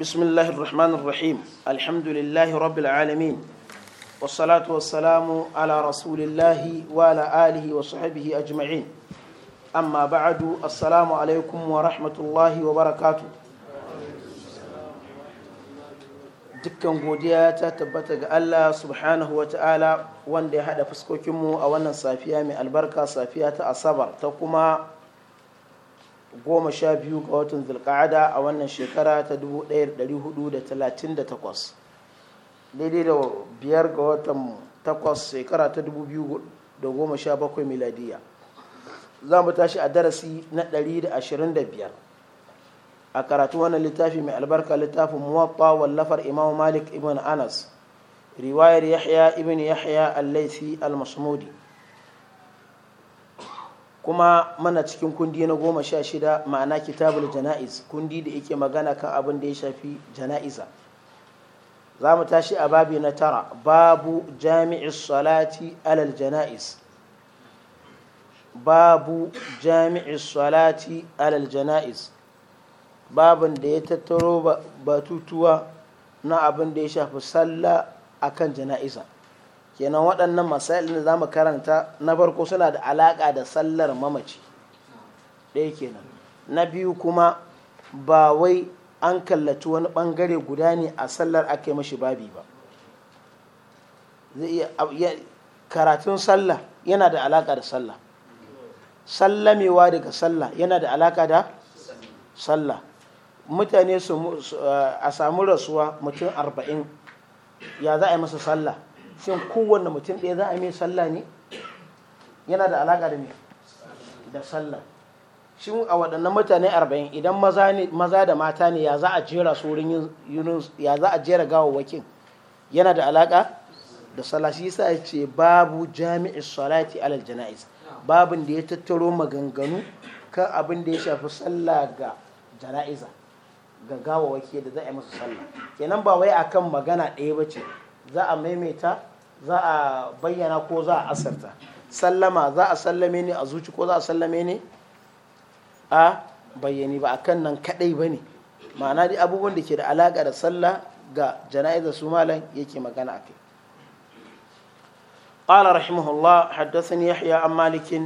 بسم الله الرحمن الرحيم الحمد لله رب العالمين والصلاة والسلام على رسول الله وعلى آله وصحبه أجمعين أما بعد السلام عليكم ورحمة الله وبركاته dukkan godiya ta tabbata ga Allah subhanahu wa ta'ala wanda ya haɗa fuskokinmu a wannan safiya mai albarka safiya ta asabar ta kuma goma sha biyu ga watan zulka'ada a wannan shekara ta 1438 daidai da biyar ga watan takwas shekara ta 2017 miladiya za mu tashi a darasi na 125 a karatu wannan littafi mai albarka littafin muwatta wallafar imam malik ibn anas riwayar yahya ibn yahya al-laisi al-masmudi al laifi al masmudi kuma mana cikin kundi na goma sha shida ma'ana kitabul jana'iz kundi da yake magana kan abin da ya shafi jana'iza za mu tashi a babi na tara babu jami'i salati alal jana'iz babu jami'i salati alal jana'iz babin da ya tattaro batutuwa na abin da ya shafi sallah akan jana'iza kenan waɗannan masail da za mu karanta na farko suna da alaƙa da sallar mamaci ɗaya kenan na biyu kuma ba wai an kallaci wani ɓangare guda ne a sallar aka yi mashi babi ba karatun sallah yana da alaƙa da sallah sallamewa daga sallah yana da alaƙa da sallah mutane su a samu rasuwa mutum arba'in ya za a yi masa sallah shin kowanne mutum ɗaya za a mai sallah ne yana da alaƙa da me da sallah shin a waɗannan mutane arba'in idan maza da mata ne ya za a jera su yana da alaƙa da sallah shi sa ya ce babu jami'in salati alal jana'iz babin da ya tattaro maganganu kan abin da ya shafi sallah ga jana'iza ga gawawwaki da za a yi masa sallah kenan ba wai akan magana ɗaya ba ce za a maimaita za a bayyana ko za a asarta sallama za a sallame ne a zuci ko za a sallame ne a bayyane ba a kan nan kadai ba ne ma'ana dai abubuwan da ke da alaƙa da sallah ga jana'iza su malam yake magana a kai قال رحمه الله حدثني يحيى عن مالك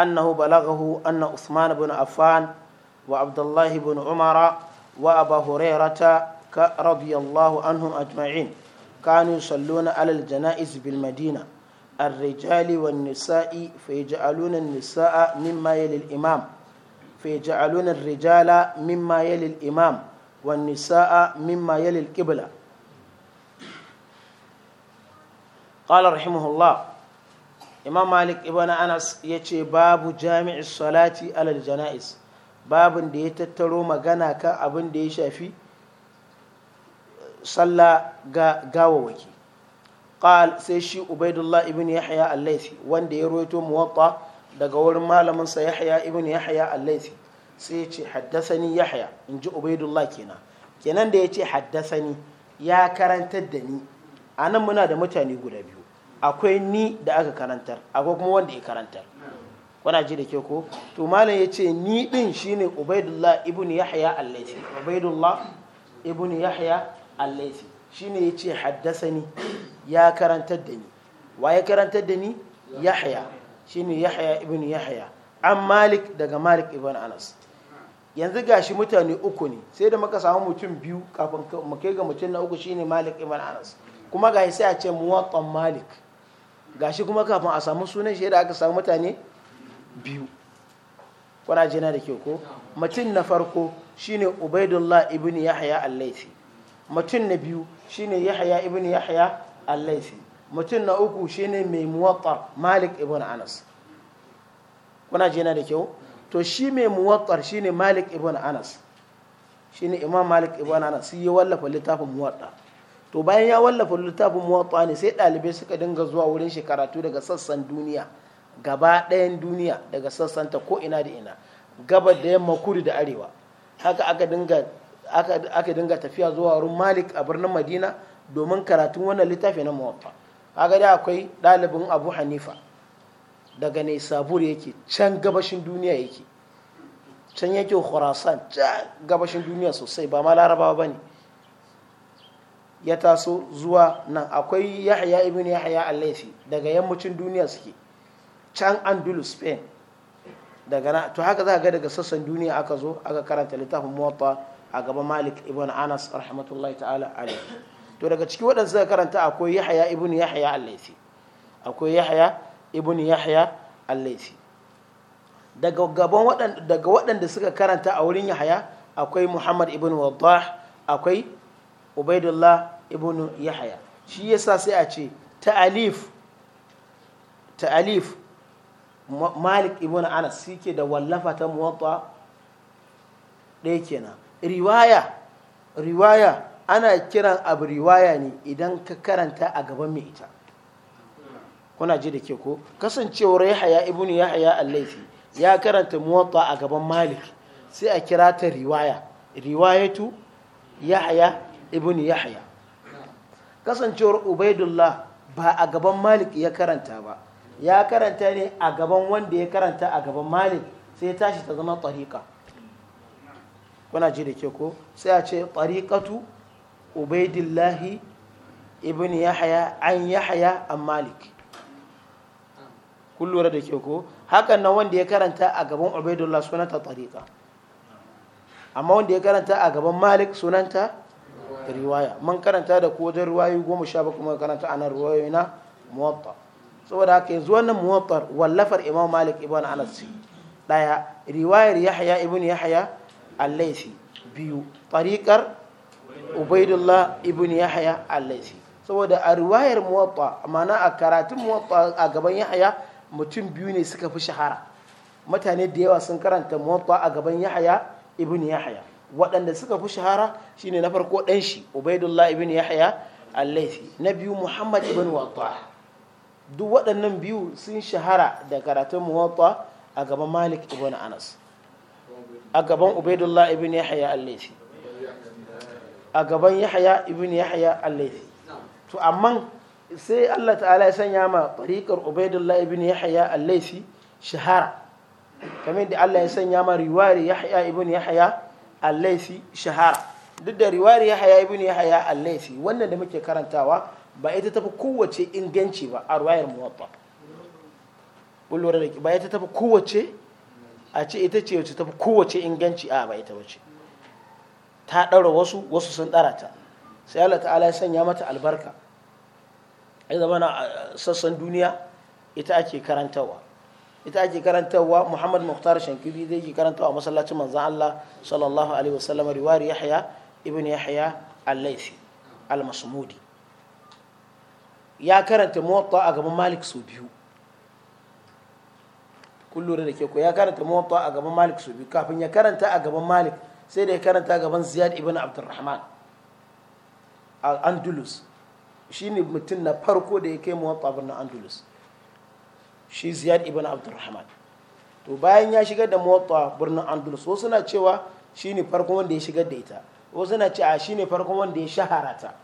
أنه بلغه أن عثمان بن عفان وعبد الله بن عمر وأبا هريرة رضي الله عنهم أجمعين كانوا يصلون على الجنائز بالمدينة الرجال والنساء فيجعلون النساء مما يلي الإمام فيجعلون الرجال مما يلي الإمام والنساء مما يلي القبلة قال رحمه الله إمام مالك ابن أنس يتي باب جامع الصلاة على الجنائز باب دي تترو مغانا كان أبن دي شافي salla gawawaki qal sai shi ubaidullah ibn yahya al-laythi wanda ya ruwaito muwatta daga wurin malamin sa yahya ibn yahya al-laythi sai ya ce haddasani yahya in ji ubaidullah kenan kenan da ya ce haddasani ya karantar da ni anan muna da mutane guda biyu akwai ni da aka karantar akwai kuma wanda ya karantar wana ji da ke ko to malam ya ce ni din shine ubaidullah ibn yahya al-laythi ubaidullah ibn yahya ne ya ce yace ni ya karantar da ni wa ya karantar da ni ne ya haya ibn haya an malik daga malik ibn anas yanzu gashi mutane uku ne sai da muka samu mutum biyu kafin mu kai ga mutum na uku shine malik ibn anas kuma gashi sai a ce muwaqqan malik gashi kuma kafin a samu sunan shi da aka samu mutane biyu kuna jina da kyau ko mutum na farko shine ubaidullah ibn yahya al-laifi mutum na biyu shine yahya ibn yahya al-laythi mutum na uku shine mai muwatta malik ibn anas kuna jina da kyau to shi mai muwatta shine malik ibn anas shine imam malik ibn anas sai ya wallafa littafin muwatta to bayan ya wallafa littafin muwatta ne sai dalibai suka dinga zuwa wurin shi karatu daga sassan duniya gaba ɗayan duniya daga sassanta ko ina da ina gabar da yamma kudu da arewa haka aka dinga aka dinga tafiya zuwa wurin malik a birnin madina domin karatun wannan littafi na muwatta kaga da akwai ɗalibin abu hanifa daga ne sabur yake can gabashin duniya yake can yake khurasan can gabashin duniya sosai ba ma larabawa ba ne ya taso zuwa nan akwai yahya ibn yahya al-laifi daga yammacin duniya suke can andalus spain daga na to haka za ga daga sassan duniya aka zo aka karanta littafin muwatta a gaban malik ibn anas rahmatullahi ta'ala alaihi to daga ciki waɗanda suka karanta akwai yahya ibn yahya al-laythi akwai yahya ibn yahya al-laythi daga gaban waɗanda daga waɗanda suka karanta a wurin yahya akwai muhammad ibn wadah akwai ubaidullah ibn yahya shi yasa sai a ce ta'alif ta'alif malik ibn anas ke da wallafa ta muwatta ɗaya kenan riwaya riwaya ana kiran abu riwaya ne idan ka karanta a gaban mai ita kuna ji da ke ko kasancewar yahaya ibn ya haya laifi ya karanta muwatta a gaban malik sai a kira ta riwaya riwayatu yahaya ya yahaya kasancewar ubaidullah ba a gaban malik ya karanta ba ya karanta ne a gaban wanda ya karanta a gaban malik sai ya tashi ta zama tariqa kuna ji da ke ko sai a ce tariqatu ubaidillahi ibn yahya an yahya an malik kun lura da ke ko hakan nan wanda ya karanta a gaban ubaidullah sunanta tariqa amma wanda ya karanta a gaban malik sunanta riwaya man karanta da kodin riwayoyi goma sha bakwai muka karanta ana riwayoyi na muwatta saboda haka yanzu wannan muwattar wallafar imam malik ibn anas Ɗaya daya riwayar yahya ibn yahya al laifi biyu tariƙar ubaidullah ibn yahya al laifi saboda a riwayar muwatta ma'ana a karatun muwatta a gaban yahya mutum biyu ne suka fi shahara mutane da yawa sun karanta muwatta a gaban yahya ibn yahya waɗanda suka fi shahara shine na farko ɗan shi ubaidullah ibn yahya al na biyu muhammad ibn watta duk waɗannan biyu sun shahara da karatun muwatta a gaban malik ibn anas a gaban ubaidullah ibn yahya al-laythi a gaban yahya ibn yahya al-laythi to amma sai Allah ta'ala ya sanya ma tariqar ubaidullah ibn yahya al-laythi shahara kamar da Allah ya sanya ma Riwari yahya ibn yahya al-laythi shahara duk da Riwari yahya ibn yahya al-laythi wannan da muke karantawa ba ita tafi kowace inganci ba a ruwayar muwatta ba ita tafi kowace a ce ita ce wace ta kowace inganci a ba ita bace ta ɗaura wasu wasu sun ɗara ta sai Allah ta'ala ya sanya mata albarka ya zama na sassan duniya ita ake karantawa ita ake karantawa Muhammad Muhtar Shankibi zai ke a masallacin manzan Allah sallallahu alaihi wasallam riwari Yahya ibn Yahya al-Laythi al-Masmudi ya karanta muwatta a gaban Malik sau biyu kun lura da ke ko ya karanta muwatta a gaban malik su biyu kafin ya karanta a gaban malik sai da ya karanta a gaban ziyad ibn abdurrahman a andalus shi ne mutum na farko da ya kai muwatta birnin andalus shi ziyad ibn abdurrahman to bayan ya shigar da muwatta birnin andalus wasu na cewa shi ne farko wanda ya shigar da ita wasu na cewa shi ne farko wanda ya shahara ta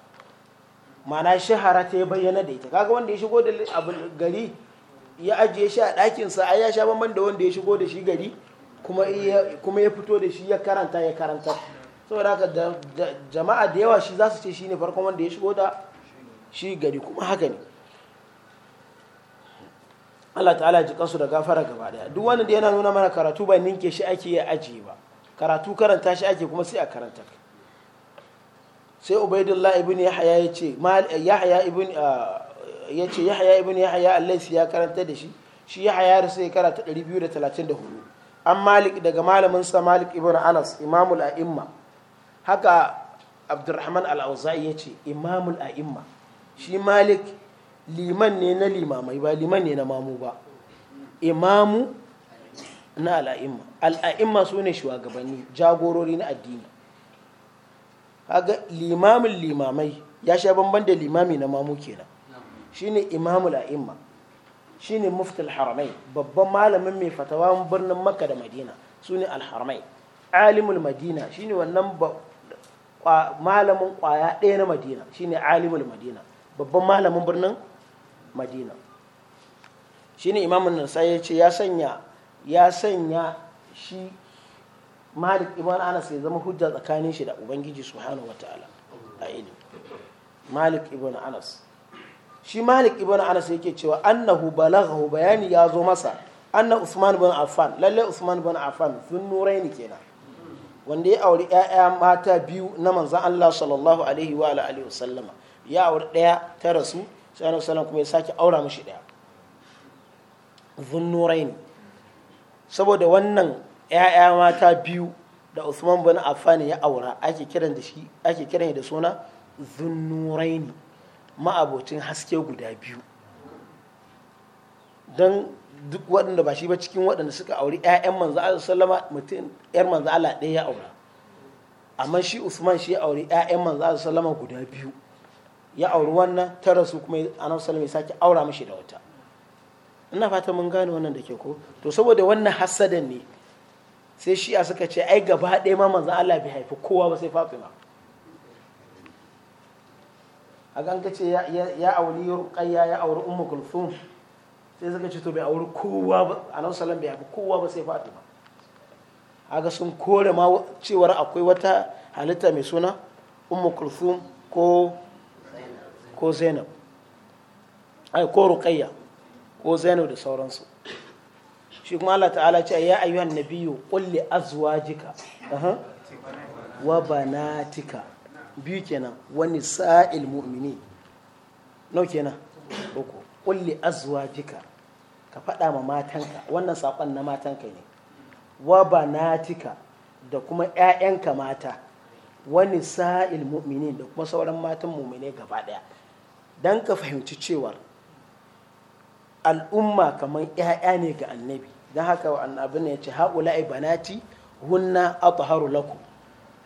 ma'ana shahara ta ya bayyana da ita kaga wanda ya shigo da abin gari ya ajiye shi a ɗakinsa ai ya sha bamban da wanda ya shigo da shi gari kuma ya fito da shi ya karanta ya karanta saboda haka jama'a da yawa shi za su ce shi ne farkon wanda ya shigo da shi gari kuma haka ne Allah ta'ala ji kansu da gafara gaba daya duk wanda da yana nuna mana karatu ba ninke shi ake ya ajiye ba karatu karanta shi ake kuma sai a karanta sai ubaidullah ibn yahya ya ce yahya ibn ah, ya ce yahya ibn yahya allaisi ya karanta da shi shi yahya rasu ya karanta 234 an malik daga malamin sa malik ibn anas imamul a'imma haka abdurrahman al-auza'i ya ce imamul a'imma shi malik liman ne na limamai ba liman ne na mamu ba imamu na al'a'imma al'a'imma su ne shugabanni jagorori na addini haka limamin limamai ya sha bambam da limami na mamu kenan shine imamul a'imma shine muftul haramai babban malamin mai fatawa birnin makka da madina sune alharamai alimul madina shine wannan malamin kwaya ɗaya na madina shine alimul madina babban malamin birnin madina shine imamun nasa ya ce ya sanya ya sanya shi malik ibn anas ya zama hujja tsakanin shi da ubangiji subhanahu wataala a ilimi malik ibn anas shi malik ibn anas yake cewa annahu balaghahu bayani ya zo masa anna usman bin affan lalle usman bin affan sun nuraini kenan wanda ya auri ƴaƴa mata biyu na manzon Allah sallallahu alaihi wa alihi wasallama ya auri ɗaya ta rasu sai annabi kuma ya sake aura mishi ɗaya zunnuraini saboda wannan ƴaƴa mata biyu da Usman bin Affan ya aura ake kiran da shi ake kiran da suna zunnuraini ma'abocin haske guda biyu don duk waɗanda ba shi ba cikin waɗanda suka auri 'ya'yan manzo Allah sallama mutum 'yar manzo Allah ɗaya ya aura amma shi Usman shi ya auri 'ya'yan manzo Allah sallama guda biyu ya auri wannan ta rasu kuma annabi sallama ya sake aura mashi da wata ina fata mun gane wannan da ke ko to saboda wannan hasadan ne sai shi a suka ce ai gaba ɗaya ma manzo Allah bai haifi kowa ba sai Fatima a ga ka ce ya auri Rukayya ya auri ummu kulthum sai suka ce to bai auri kowa ba a nan salam bai auri kowa ba sai fatima haka sun kore ma cewar akwai wata halitta mai suna ummu kulthum ko ko zainab ai ko rukayya ko zainab da sauransu shi kuma Allah ta'ala ce ya ayyuhan nabiyyu qul li azwajika wa banatika biyu kenan wani sa'il mu'mini nau kenan uku kulli azwajika ka faɗa ma matanka wannan saƙon na matanka ne wa banatika da kuma 'ya'yanka mata wani sa'il mumini da kuma sauran matan mu'mine gaba ɗaya don ka fahimci cewar al'umma kamar 'ya'ya ne ga annabi don haka annabi ne ya ce ha'ula'i banati hunna atharu lakum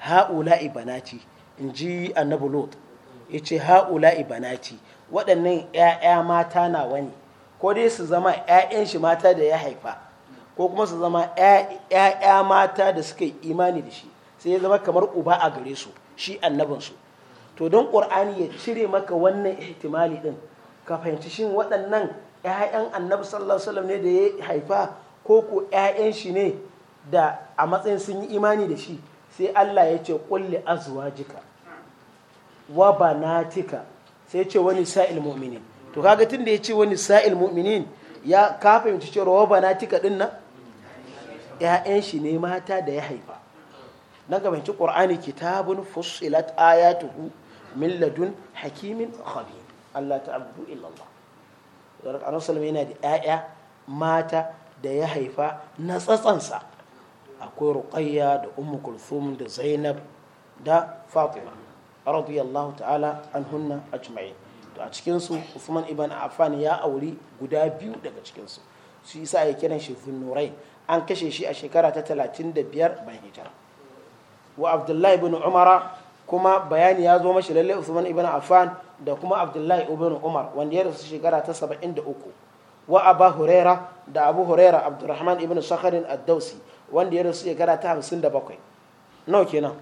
ha'ula'i banati in ji annabi lot ya ce ha'ula ibanati waɗannan 'ya'ya mata na wani ko dai su zama 'ya'yan shi mata da ya haifa ko kuma su zama 'ya'ya mata da suka yi imani da shi sai ya zama kamar uba a gare su shi annabinsu to don ƙur'ani ya cire maka wannan ihtimali ɗin ka fahimci shin waɗannan 'ya'yan annabi sallallahu ne da ya haifa ko ko 'ya'yan shi ne da a matsayin sun yi imani da shi sai Allah ya ce kulli azwajika wa banatika sai ya ce wani sa'il mu'minin to kaga tunda ya ce wani sa'il mu'minin ya ka fahimci cewa wa banatika din nan ƴaƴan shi ne mata da ya haifa na ga fahimci qur'ani kitabun fussilat ayatuhu min ladun hakimin khabir Allah ta'budu illa Allah Annabi sallallahu alaihi yana da ƴaƴa mata da ya haifa na tsatsansa akwai ruqayya da ummu kulthum da zainab da fatima radiyallahu ta'ala hunna ajma'in to a cikin su Usman ibn Affan ya auri guda biyu daga cikin su su yasa ya kiran shi Zunnurain an kashe shi a shekara ta 35 bayan hijira wa Abdullahi ibn Umar kuma bayani ya zo mashi lalle Usman ibn Affan da kuma Abdullahi ibn Umar wanda ya rasu shekara ta 73 wa Abu Huraira da Abu Huraira Abdurrahman ibn Sakharin ad-Dawsi wanda ya rasu shekara ta hamsin da bakwai nawa kenan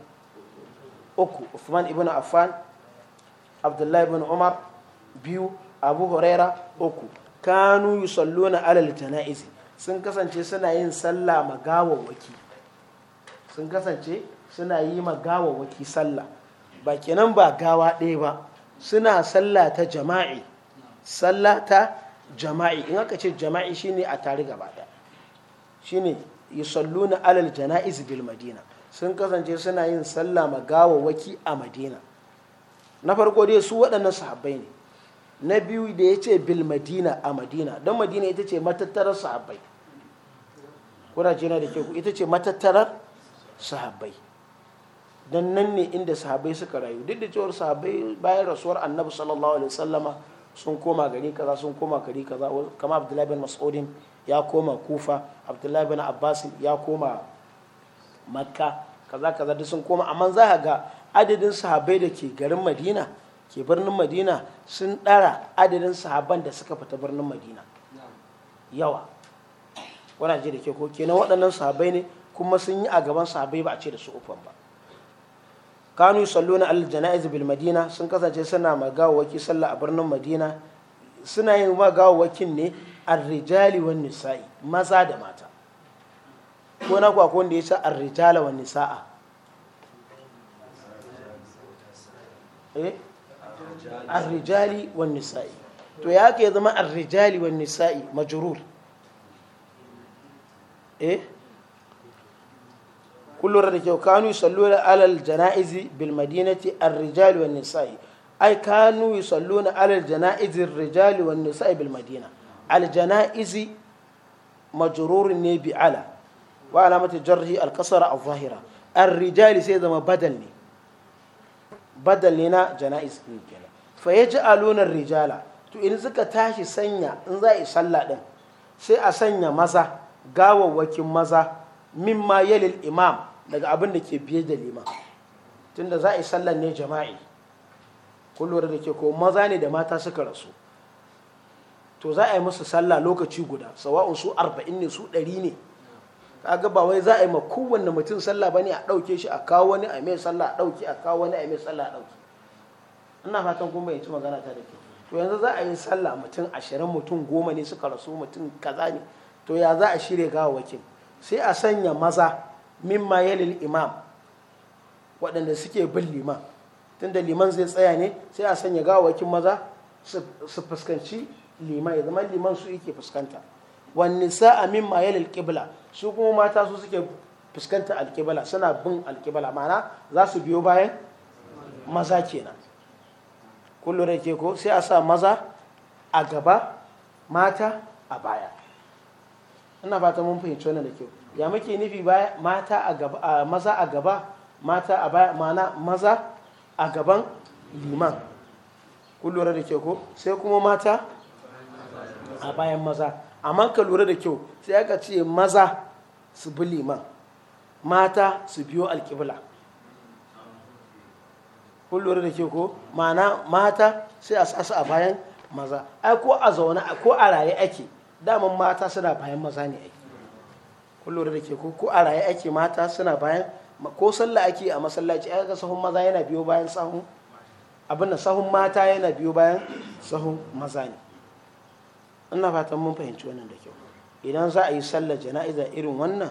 uku ufman ibn Affan Abdullahi ibn Umar biyu Abu Huraira uku kanu yusalluna alal janaiz sun kasance suna yin sallah magawawaki sun kasance suna yi magawawaki sallah ba kenan ba gawa ɗaya ba suna sallah ta jama'i sallah ta jama'i in aka ce jama'i shine a tare gaba shine yusalluna alal jana'iz bil madina sun kasance suna yin sallah ma gawawaki a madina na farko dai su waɗannan sahabbai ne na biyu da ya ce bil madina a madina don madina ita ce matattarar sahabbai da ke ita ce matattarar sahabbai don nan ne inda sahabbai suka rayu duk da cewar sahabbai bayan rasuwar annabi sallallahu alaihi wasallama sun koma gari kaza sun koma gari kaza kama abdullahi bin mas'udin ya koma kufa abdullahi bin abbas ya koma makka kaza kaza duk sun koma amma za ka ga adadin sahabai da ke garin madina ke birnin madina sun ɗara adadin sahaban da suka fita birnin madina yawa wani ji da ke ko kenan waɗannan sahabai ne kuma sun yi a gaban sahabai ba a ce da su ufan ba kanu salluna al janaiz bil madina sun kasance suna magawaki sallah a birnin madina suna yin magawakin ne Arrijali wa nisa'i maza da mata ko na kwa wanda ya ce ar wa nisa'a eh arrijali wa nisa'i to ya ke zama arrijali wa nisa'i majrur eh kullum da kyau kanu salluna alal jana'izi bil madinati ar-rijali wan nisa'i ai kanu yusalluna alal jana'izi ar-rijali wan nisa'i bil madina aljana'izi majrurin ne bi ala wa alamati jarhi alkasara a zahira arrijali sai zama badal ne badal ne na jana'iz din kenan fa rijala to in suka tashi sanya in za a yi sallah din sai a sanya maza gawawwakin maza mimma yalil imam daga abin da ke biye da lima tunda za a yi sallar ne jama'i kullum da ke ko maza ne da mata suka rasu to za a yi musu sallah lokaci guda sawa'un su arba'in ne su ɗari ne kaga ba wai za a yi ma kowanne mutum sallah bane a ɗauke shi a kawo wani a mai sallah a ɗauke a kawo wani a mai sallah a ɗauke ina fatan kun bayyanci magana ta da ke to yanzu za a yi sallah mutum ashirin mutum goma ne suka rasu mutum kaza ne to ya za a shirya gawawakin sai a sanya maza mimma yalil imam waɗanda suke bin liman tunda liman zai tsaya ne sai a sanya gawawakin maza su fuskanci liman ya zama liman su yake fuskanta wani sa'a min ma yalil kibla su kuma mata su suke fuskanta alkibla suna bin alkibla ma'ana za su biyo bayan maza kenan kullum da ke ko sai a sa maza a gaba mata a baya ina fata mun fahimci wannan da kyau ya muke nufi baya mata a gaba maza a gaba mata a baya ma'ana maza a gaban liman kullum da ke ko sai kuma mata a bayan maza amma ka lura da kyau sai aka ce maza su bi liman mata su biyo alƙibla kun lura da kyau ko ma'ana mata sai a sasu a bayan maza ai ko a zaune ko a raye ake daman mata suna bayan maza ne ake kun lura da ke ko ko a raye ake mata suna bayan ko sallah ake a masallaci ai ga sahun maza yana biyo bayan sahun abin da sahun mata yana biyo bayan sahun maza ne ina fatan mun fahimci wannan da kyau idan za a yi sallar jana'iza irin wannan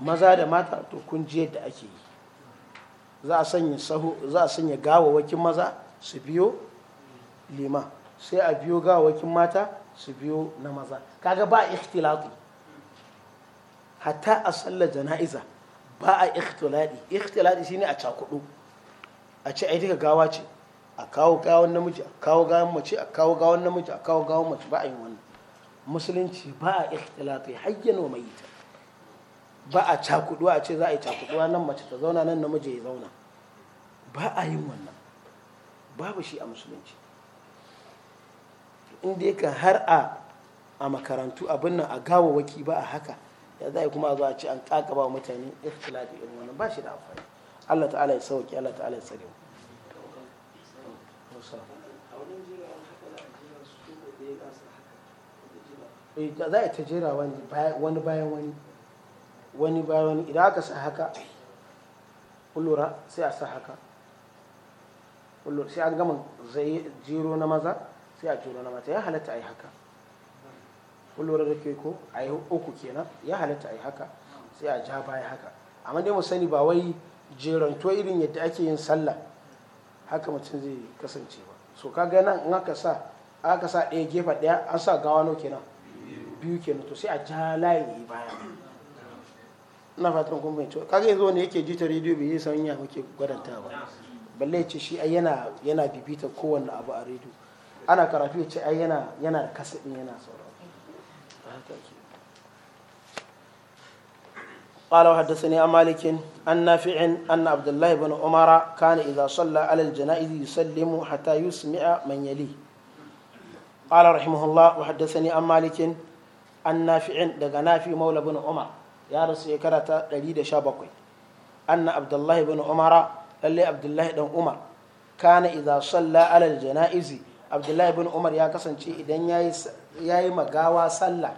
maza da mata to kun ji yadda ake yi za a sanya sahu za a sanya gawawakin maza su biyo lima sai a biyo gawawakin mata su biyo na maza kaga ba ikhtilati hatta a sallar jana'iza ba a ikhtilati ikhtilati shine a cakudu a ce ai duka gawa ce a kawo gawan namiji a kawo gawan mace a kawo gawan namiji a kawo gawan mace ba a yi wannan musulunci ba a ikhtilatai hayyan wa ta ba a cakuduwa a ce za a yi cakuduwa nan mace ta zauna nan namiji ya zauna ba a yin wannan babu shi a musulunci inda yake har a a makarantu abin nan a gawawaki ba a haka ya za a kuma a zo a ce an ba mutane ikhtilati irin wannan ba shi da amfani Allah ta'ala ya sauki Allah ta'ala ya tsare mu Eh, za a ta jera wani bayan wani wani bayan wani idan aka sa haka kullura sai a sa haka sai an gama jiro na maza sai a jiro na mata ya halatta a yi haka kullura da ke ko a yi uku kenan ya halatta a yi haka sai a ja baya haka amma dai mu sani ba wai to irin yadda ake yin sallah haka mutum zai kasance ba so ka ga nan in aka sa aka sa ɗaya gefa ɗaya an sa gawa nau kenan biyu kenan to sai a ja layi baya ina fatan kun bai cewa kaga yanzu wani yake ji ta rediyo bai san ya muke gwadanta ba balle ce shi ai yana yana bibita kowanne abu a rediyo ana karatu ya ce ai yana yana da kasabin yana sauraro haka ke قال وحدثني عن مالك نافع أن عبد الله بن عمر كان إذا صلى على الجنائز يسلم حتى يسمع من يليه قال رحمه الله وحدثني عن مالك an nafi'in daga nafi maula bin umar ya rasu shekara ta 117 anna abdullahi bin umara lalle abdullahi dan umar kana idza salla ala janaizi abdullahi bin umar ya kasance idan ya yi magawa sallah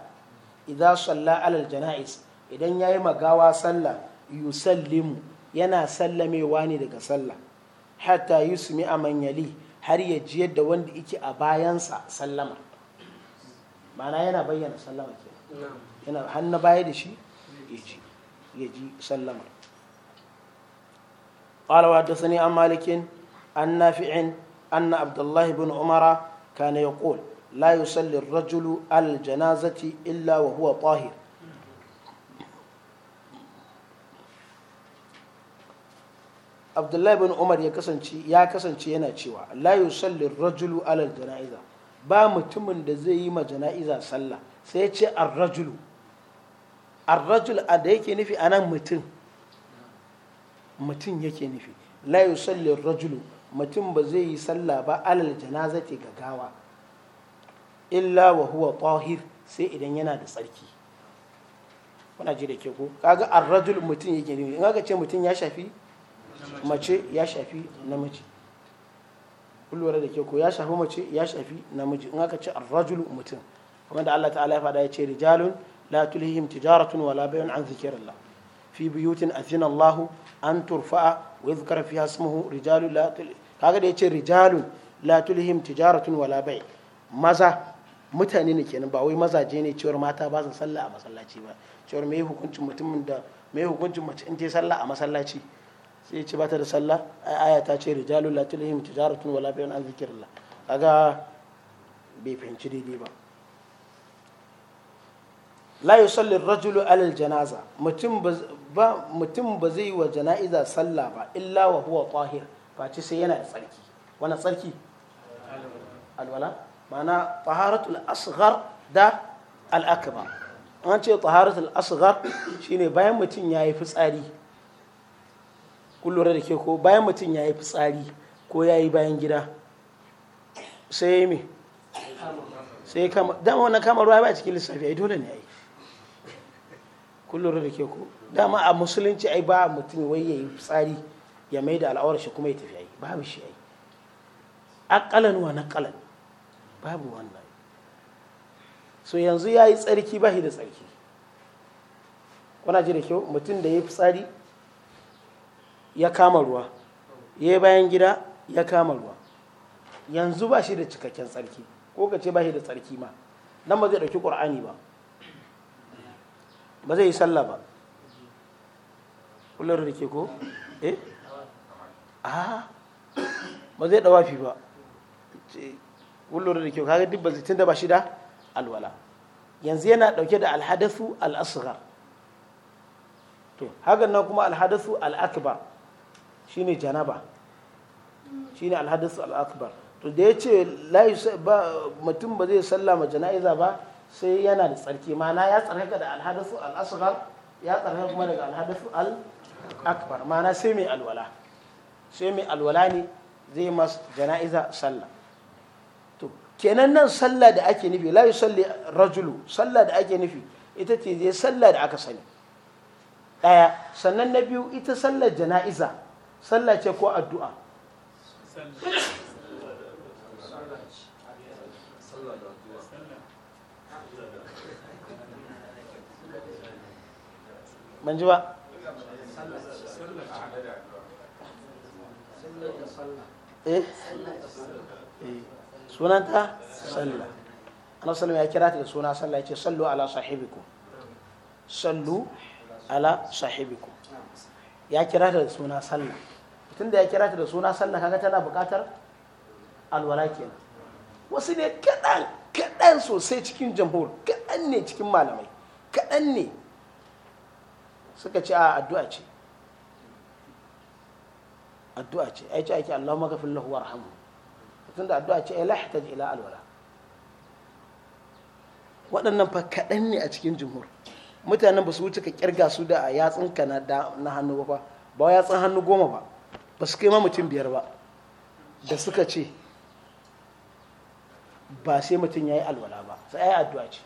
idza salla ala idan yayi magawa yusallimu yana sallamewa ne daga sallah hatta yusmi aman yali har ya jiyar da wanda yake a bayansa sallama ma'ana yana bayyana sallama ke yana hannu baya da shi ya ji sallama قال وحدثني عن مالك عن نافع أن عبد الله بن عمر كان يقول لا يصلي الرجل على الجنازة إلا وهو طاهر عبد الله بن عمر يا كسنشي يا كسنشي أنا لا يصلي الرجل على الجنازة ba mutumin da zai yi ma jana'izar sallah sai ya ce arrajulu arrajul a da yake nufi anan mutum mutum yake nufi layu yusalli rajulu mutum ba zai yi sallah ba alal janazati ga gawa illa wa huwa tahir sai idan yana da tsarki kuna ji da ke ko kaga Arrajulu mutum yake nufi in aka ce mutum ya shafi mace ya shafi namiji kun lura da ke ko ya shafi mace ya shafi namiji in aka ce arrajulu mutum kamar da Allah ta'ala ya faɗa ya ce rijalun la tulhihim tijaratun wala bay'un an zikrillah fi biyutin azina Allahu an turfa'a wa yuzkara fiha ismuhu rijalun la kaga da ya ce rijalun la tulhihim tijaratun wala bay' maza mutane ne kenan ba wai mazaje ne cewar mata ba su sallah a masallaci ba cewar me hukuncin mutumin da me hukuncin mace in ta sallah a masallaci sai ce ba ta da sallah ai aya ta ce rijalul la tulhim tijaratun wala bay'un an zikrillah kaga bai fahimci daidai ba la yusalli rajulu alal janaza mutum ba mutum ba zai wa jana'iza sallah ba illa wa huwa tahir face sai yana da tsarki wannan tsarki alwala ma'ana taharatul asghar da al akbar an ce taharatul asghar shine bayan mutum yayi fitsari kun da ke ko bayan mutum ya yi fitsari ko ya yi bayan gida sai ya yi me sai ya kama dama wannan kama ruwa ba a cikin lissafi ai dole ne ai kun da ke ko dama a musulunci ai ba mutum wai ya yi fitsari ya mai da al'awar shi kuma ya tafi ai babu shi ai akalan wa naqalan babu wannan so yanzu ya yi tsarki ba shi da tsarki kuna ji da kyau mutum da ya yi fitsari ya kama ruwa ya yi bayan gida ya kama ruwa yanzu ba shi da cikakken tsarki ko ka ce ba shi da tsarki ma Nan ba zai ɗauki ƙur'ani ba ba zai yi sallah ba kullum da ke ko eh aha ba zai ɗawafi ba kullum da ke ko kaga duk ba zai tun da ba shi da alwala yanzu yana ɗauke da alhadasu al'asghar to hagan nan kuma alhadasu al'akbar shine janaba shine alhadis al'akbar to da ya ce mutum ba zai sallama jana'iza ba sai yana da tsarki mana ya tsarkaka da alhadis al'asghar ya tsarkaka kuma daga alhadis al'akbar mana sai mai alwala sai mai alwala ne zai mas jana'iza sallah to kenan nan sallah da ake nufi la yusalli rajulu sallah da ake nufi ita ce zai sallah da aka sani ɗaya sannan na biyu ita sallar jana'iza sallah ce ko addu'a ban ji ba eh. Eh. sunanta sallah annabi sallallahu ya kira ta da suna sallah ce sallu ala sahibiku sallu ala sahibiku ya kira ta da suna sallah tunda ya kira ta da suna sallah kaga tana buƙatar alwala kenan wasu ne kaɗan kaɗan sosai cikin jamhur kaɗan ne cikin malamai kaɗan ne suka ce a addu'a ce addu'a ce ai ce ake Allah magafin lahu warhamu tunda addu'a ce ai lahtaj ila alwala waɗannan fa kaɗan ne a cikin jamhur mutanen ba su wuce ka kirga su da a yatsun ka na hannu ba ba yatsun hannu goma ba ba su kai ma mutum biyar ba da suka ce ba sai mutum ya yi alwala ba sai ya yi addu'a ce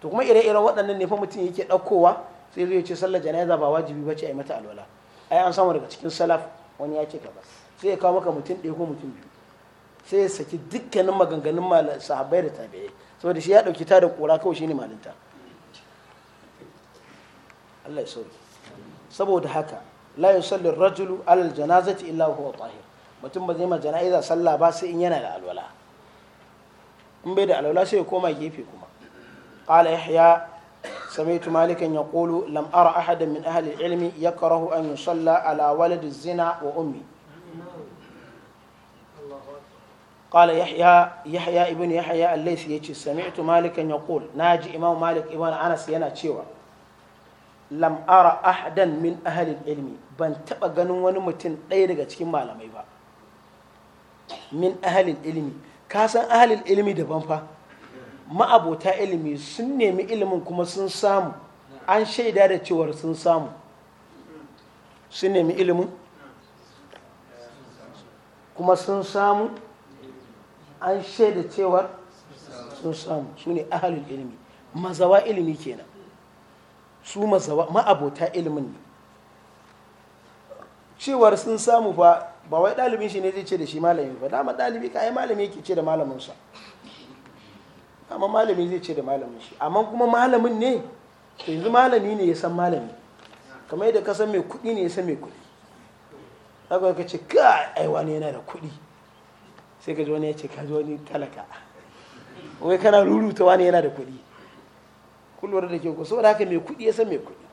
to kuma ire-iren waɗannan ne fa mutum yake ɗaukowa sai zai ce sallar jana'iza ba wajibi ba ce a yi mata alwala ai an samu daga cikin salaf wani ya ce ba sai ya kawo maka mutum ɗaya ko mutum biyu sai ya saki dukkanin maganganun sahabbai da tabi'ai saboda shi ya ɗauki ta da ƙura kawai shi ne malinta Allah ya sauke saboda haka la yusalli rajulu alal janazati illa huwa tahir mutum ba zai ma jana'iza sallah ba sai in yana da alwala in bai da alwala sai ya koma gefe kuma qala yahya سمعت مالكا يقول لم أرى أحدا من أهل العلم يكره أن يصلى على ولد الزنا وأمي قال يحيى يحيى ابن يحيى الليثي سمعت مالكا يقول ناجي إمام مالك ابن أنس ينا تشيوه lam ara ahadan min ahalin ilmi ban taba ganin wani mutum ɗaya daga cikin malamai ba min ahalin ilmi ka san ahalin ilmi daban fa ma'abota ilimi sun nemi ilimin kuma sun samu an shaida da cewar sun samu sun nemi ilimin kuma sun samu an shaida cewar sun samu su ne ahalul ilimi mazawa ilimi kenan su ma'abota ilimin ne cewar sun samu ba ba wai ɗalibin shi ne zai ce da shi malami ba dama ɗalibi ka yi malami yake ce da malaminsa amma malami zai ce da malamin shi amma kuma malamin ne to yanzu malami ne ya san malami kamar yadda ka san mai kuɗi ne ya san mai kuɗi haka ka ce ka ai wani yana da kuɗi sai ka ji wani ya ce ka ji wani talaka wai kana ruruta wani yana da kuɗi kullum da ke ku saboda haka mai kuɗi ya san mai kuɗi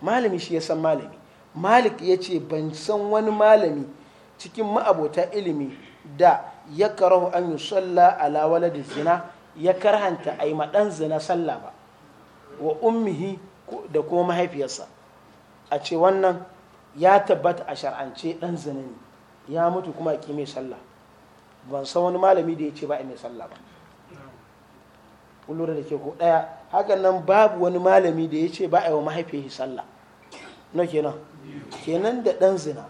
malami shi ya san malami malik ya ce ban san wani malami cikin ma'abota ilimi da ya karahu an yi sallah ala waladin zina ya karhanta a yi maɗan zina sallah ba wa ummihi da kuma mahaifiyarsa a ce wannan ya tabbata a shar'ance ɗan zina ne ya mutu kuma a mai sallah ban san wani malami da ya ce ba a mai sallah ba kun lura da ke ko ɗaya hakan nan babu wani malami da ya ce ba a yi wa mahaifiya sallah no kenan kenan da ɗan zina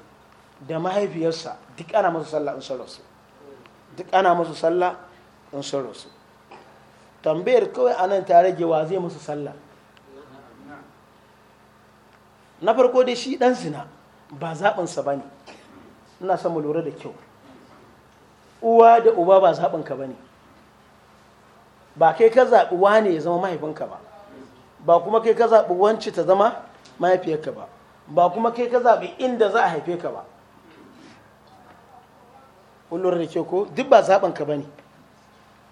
da mahaifiyarsa duk ana masu sallah in sauro su duk ana masu sallah in sauro su tambayar kawai nan ta rage wa zai masu sallah na farko dai shi ɗan zina ba zaɓinsa ba ne ina son mu lura da kyau uwa da uba ba zaɓinka ba ne ba kai ka zaɓi wane ya zama mahaifinka ba ba kuma kai ka zaɓi wance ta zama mahaifiyarka ba ba kuma kai ka zaɓi inda za a haife ka ba kullum da ke ko duk ba zaɓen ka ba ne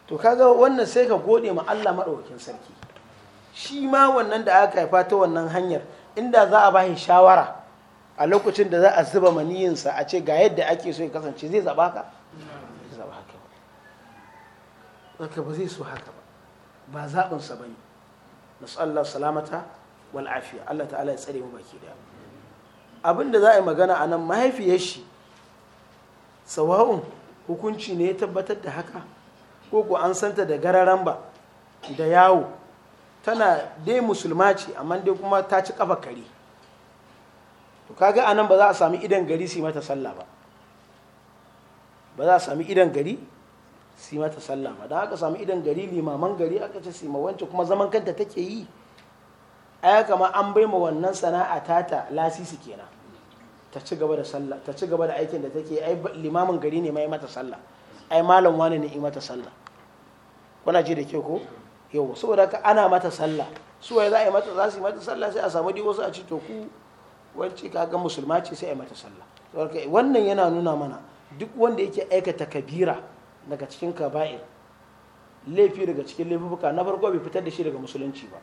to kaga wannan sai ka gode ma Allah maɗaukakin sarki shi ma wannan da aka haifa ta wannan hanyar inda za a bashi shawara a lokacin da za a zuba maniyinsa a ce ga yadda ake so ya kasance zai zaɓa ka haka ba zai so haka ba ba zaɓinsa ba ne Allah salamata wal afiya Allah ta'ala ya tsare mu baki da abin da za a yi magana a nan mahaifiyar shi sawa'un hukunci ne ya tabbatar da haka ko ko an santa da gararan ba da yawo tana dai musulma ce amma dai kuma ta ci kafa kare to kaga a nan ba za a sami idan gari su yi mata sallah ba ba za a sami idan gari si mata sallah da aka samu idan gari limaman gari aka ce si wance kuma zaman kanta take yi ai kama an bai ma wannan sana'a tata lasisi kenan ta ci gaba da sallah ta ci gaba da aikin da take ai limamin gari ne mai mata sallah ai malam wani ne yi mata sallah kuna ji da ke ko yau saboda haka ana mata sallah su wai za a yi mata za su yi mata sallah sai a samu di wasu a ci to ku wance kaga musulma ce sai a yi mata sallah wannan yana nuna mana duk wanda yake aikata kabira daga cikin kaba'ir laifi daga cikin laifuka na farko bai fitar da shi daga musulunci ba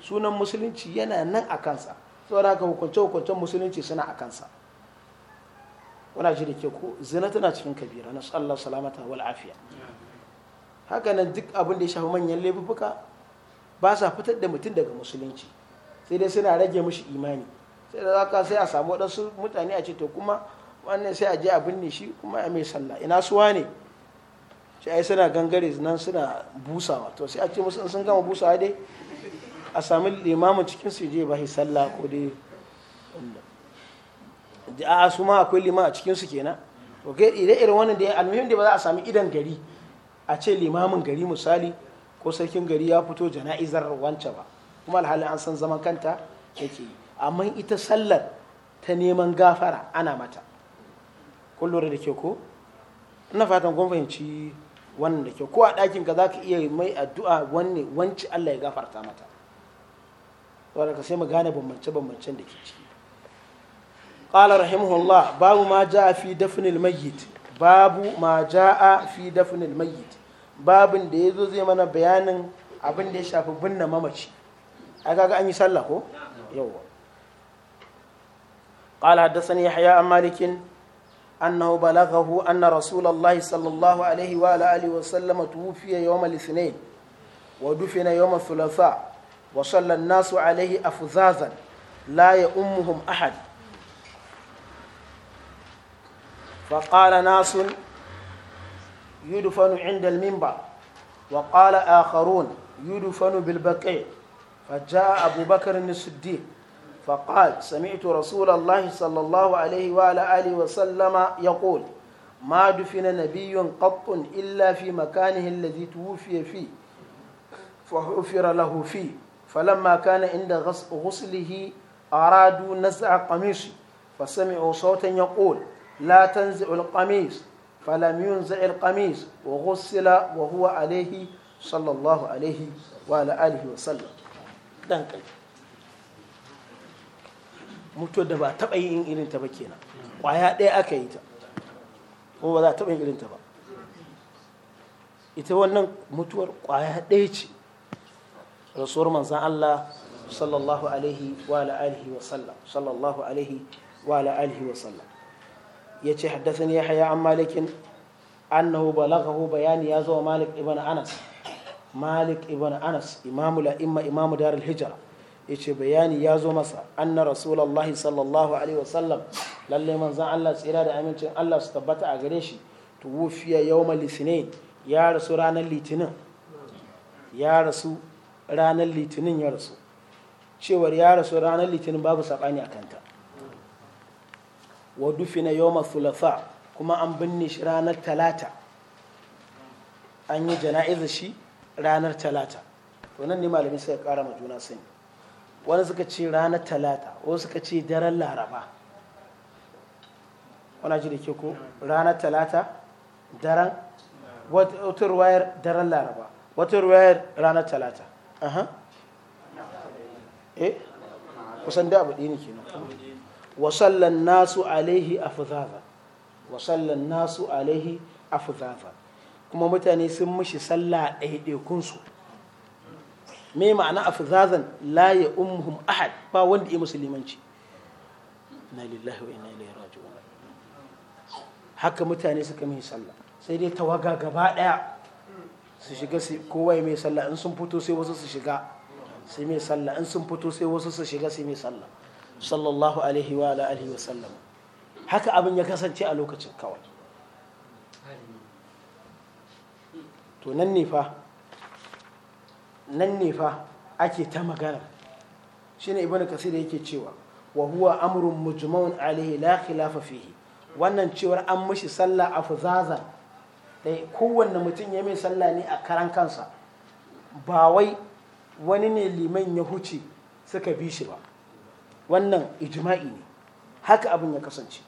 sunan musulunci yana nan a kansa saboda haka hukunce-hukuncen musulunci suna a kansa wana ji da ke ko zina tana cikin kabira na sallar salamata wal afiya haka duk abin da ya shafi manyan laifuka ba sa fitar da mutum daga musulunci sai dai suna rage mishi imani sai da zaka sai a samu waɗansu mutane a ce to kuma wannan sai a je a binne shi kuma a mai sallah ina suwa ne shi ai suna gangare nan suna busawa to sai a ce musu sun gama busawa dai a sami limamin cikin su je ba sallah ko dai a su ma akwai lima a cikin su kenan ok ire irin wannan da almuhim da ba za a sami idan gari a ce limamin gari misali ko sarkin gari ya fito jana'izar wance ba kuma alhali an san zaman kanta yake yi amma ita sallar ta neman gafara ana mata kullum da ke ko ina fatan kun fahimci wannan da kyau ko a ɗakin ka za ka iya mai addu'a wanne wanci Allah ya gafarta mata saboda ka sai mu gane bambance bambancen da ke ciki rahim rahimahullah babu ma jaa fi dafinil mayyit babu ma jaa fi dafinil mayyit babin da zo zai mana bayanin abin da ya shafi binne mamaci a kaga an yi sallah ko haddasa ne ya haya an malikin أنه بلغه أن رسول الله صلى الله عليه وعلى آله وسلم توفي يوم الاثنين ودفن يوم الثلاثاء وصلى الناس عليه أفزازا لا يؤمهم أحد فقال ناس يدفن عند المنبر وقال آخرون يدفن بالبقيع فجاء أبو بكر الصديق فقال سمعت رسول الله صلى الله عليه وعلى آله وسلم يقول ما دفن نبي قط إلا في مكانه الذي توفي فيه فحفر له فيه فلما كان عند غسله أرادوا نزع قميصه فسمعوا صوتا يقول لا تنزع القميص فلم ينزع القميص وغسل وهو عليه صلى الله عليه وعلى آله وسلم دنكي mutuwar da ba taɓa yin irin ta ba kenan ƙwaya ɗaya aka yi ta kuma ba za a taɓa yin irin ta ba ita wannan mutuwar ƙwaya ɗaya ce rasuwar manzan Allah sallallahu alaihi wa alihi wa sallam sallallahu alaihi wa alihi wa sallam ya ce haddasa ne ya haya an malikin annahu balaghahu bayani ya zo malik ibn anas malik ibn anas imamu la'imma imamu darul hijra yace bayani ya zo masa anna rasulullahi sallallahu alaihi wasallam Lallai manzon Allah tsira da amincin Allah su tabbata a gare shi tuwufiya yawmal lisnain ya rasu ranar litinin ya rasu ranar litinin ya rasu cewar ya rasu ranar litinin babu saɓani a kanta wa dufina yawmal thulatha kuma an binne shi ranar talata an yi jana'izar shi ranar talata to nan ne malamin suka kara ma juna sani wani suka ce ranar talata wani suka ce daren laraba wani ji da ke ko ranar talata daren wata ruwayar daren laraba wata ruwayar ranar talata eh kusan da abu ɗini kenan wasallan nasu alaihi a fuzaza wasallan nasu alaihi a fuzaza kuma mutane sun mushi sallah ɗaiɗaikunsu me ma'ana afzazan la ya ummuhum ahad ba wanda ya musulmanci na lillahi wa inna ilaihi raji'un haka mutane suka mai sallah sai dai tawaga gaba daya su shiga kowa mai sallah in sun fito sai wasu su shiga sai mai sallah in sun fito sai wasu su shiga sai mai sallah sallallahu alaihi wa alihi wa sallam haka abin ya kasance a lokacin kawai to nan ne fa nan ne fa ake ta magana shine ibnu kasir yake cewa wa huwa amrun mujma'un alaihi la khilafa fihi wannan cewar an mashi sallah a fuzaza dai kowanne mutum ya mai sallah ne a karan kansa ba wai wani ne liman ya huce suka bi shi ba wannan ijma'i ne haka abin ya kasance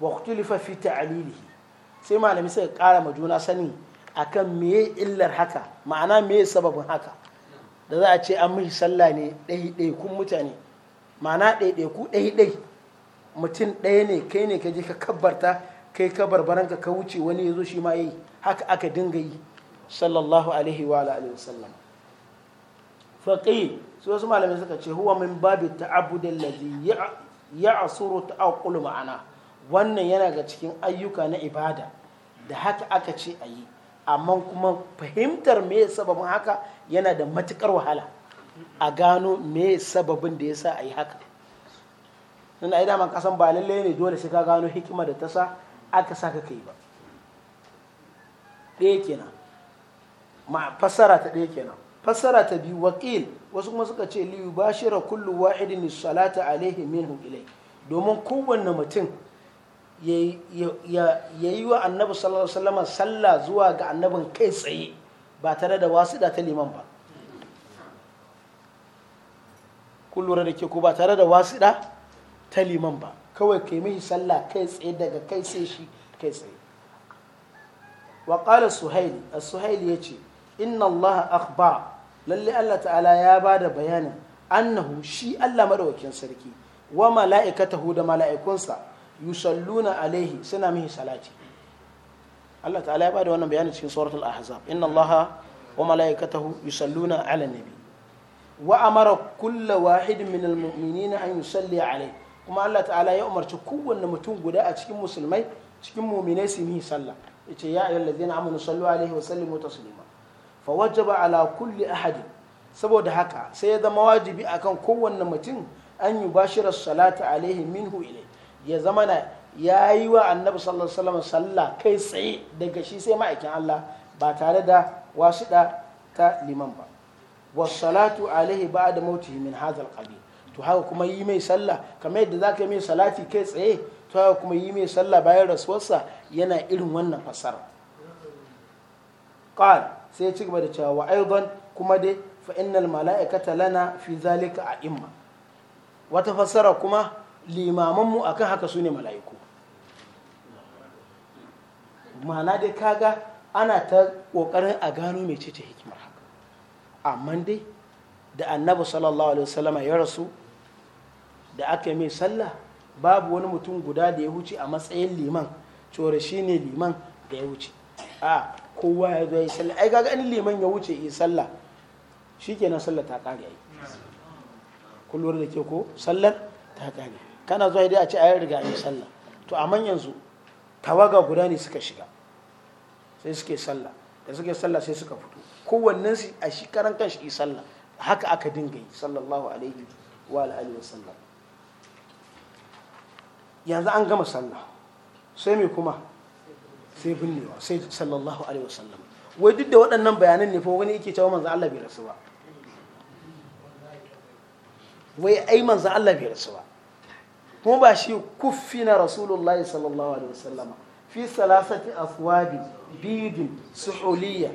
wa fi ta'alilihi sai malami suka kara ma juna sani. a kan meye illar haka ma'ana meye sababin haka da za a ce an mishi sallah ne kun mutane ma'ana ku ɗaiɗai mutum ɗaya ne kai ne ka ka kabarta kai ka barbaranka ka wuce wani ya zo shi ma yi haka aka dinga yi sallallahu alaihi wa alaihi wasallam faqi su wasu malamai suka ce huwa min babi ta alladhi ya'suru ta'aqqul ma'ana wannan yana ga cikin ayyuka na ibada da haka aka ce a yi. amma kuma fahimtar me sababin haka yana da matukar wahala a gano me sababin da yasa a yi haka nan ai dama kasan ba lalle ne dole sai ka gano hikima da ta sa aka saka kai ba ɗaya kenan ma fassara ta ɗaya kenan fassara ta biyu waƙil wasu kuma suka ce liyu bashira kullu wahidin salata alaihi minhu ilai domin kowanne mutum ya yi wa annabi sallallahu alaihi sallah zuwa ga annabin kai tsaye ba tare da wasuɗa ta liman ba kun lura da ke ba tare da ta liman ba kawai kai mai sallah kai tsaye daga kai sai shi kai tsaye wa qala suhaili as-suhaili yace inna Allah akhba lalle Allah ta'ala ya ba da bayanin annahu shi Allah madawakin sarki wa mala'ikatahu da mala'ikunsa yusalluna alaihi suna mihi salati Allah ta'ala ya bada wannan bayanin cikin suratul ahzab inna allaha wa malaikatahu yusalluna ala nabi wa amara kullu wahidin minal mu'minina an yusalli alaihi kuma Allah ta'ala ya umarci kowanne mutum guda a cikin musulmai cikin mu'minai su mihi sallah yace ya ayyuhallazina amanu sallu alaihi wa sallimu taslima fa wajaba ala kulli ahadin saboda haka sai ya zama wajibi akan kowanne mutum an yi bashirar salata alaihi minhu ilai ya zama na ya yi wa annabi sallallahu alaihi wasallam sallah kai tsaye daga shi sai ma'aikin Allah ba tare da wasiɗa ta liman ba wasalatu alaihi da mautihi min hadha alqabil to haka kuma yi mai sallah kamar yadda zaka yi mai salati kai tsaye to haka kuma yi mai sallah bayan rasuwarsa yana irin wannan fasara qal sai ya ci gaba da cewa wa aidan kuma dai fa innal mala'ikata lana fi zalika a'imma wata fasara kuma limamanmu kan haka su ne mala'iku ma'ana dai kaga ana ta ƙoƙarin a gano mai ce hikimar haka amma dai da annabi sallallahu alaihi wasallam ya rasu da aka mai sallah babu wani mutum guda da ya wuce a matsayin liman cewar shi ne liman da ya wuce a kowa ya zo ya yi sallah ai kaga in liman ya wuce yi sallah shikenan sallah ta kare ai kullum da ke ko sallar ta kare kana zuwa dai a ce ayar riga ne sallah to amma yanzu tawaga guda ne suka shiga sai suke sallah da suke sallah sai suka fito kowannen su a shi karan kanshi yi sallah haka aka dinga yi sallallahu alaihi wa alihi wa sallam yanzu an gama sallah sai me kuma sai binnewa sai sallallahu alaihi wa sallam wai duk da waɗannan bayanan ne fa wani yake cewa manzo Allah bai rasu ba wai ai manzo Allah bai rasu ba Mu ba shi na rasulullahi sallallahu alaihi wasallama fi salasati aswadi bidin suhuliya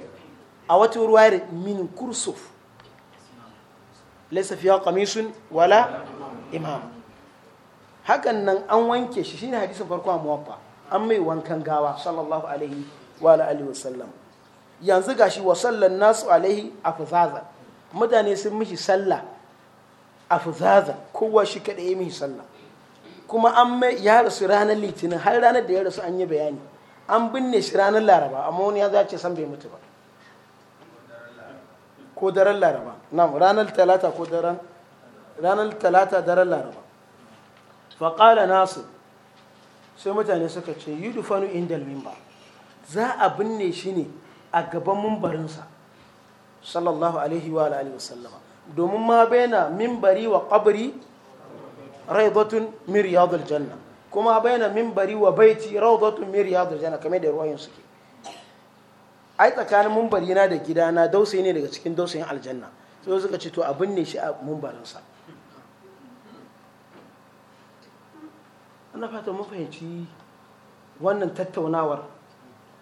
a wata ruwayar min kursuf laysa fiha qamisun wala imam hakan nan an wanke shi shine hadisin farko a muwaffa an mai wankan gawa sallallahu alaihi wa alihi wasallam yanzu gashi wa sallan nasu alaihi afzaza mutane sun mishi sallah afzaza kowa shi kada yi mishi sallah kuma an ya rasu ranar litinin har ranar da ya rasu an yi bayani an binne shi ranar laraba amma wani ya zace san bai mutu ba ko daren laraba na ranar talata ko daren ranar talata daren laraba faƙala nasu sai mutane suka ce yi dufanu inda mimba za a binne shi ne a gaban mumbarinsa sallallahu alaihi wa alihi wasallama domin ma bai na mimbari wa ƙabari raidatun min riyadul janna kuma baina mimbari wa baiti raudatun min riyadul janna kamar da ruwayin suke ai tsakanin mimbari na da gida na dausayi ne daga cikin dausayin aljanna sai suka ce to abin ne shi a mimbarinsa. ana fata mun fahimci wannan tattaunawar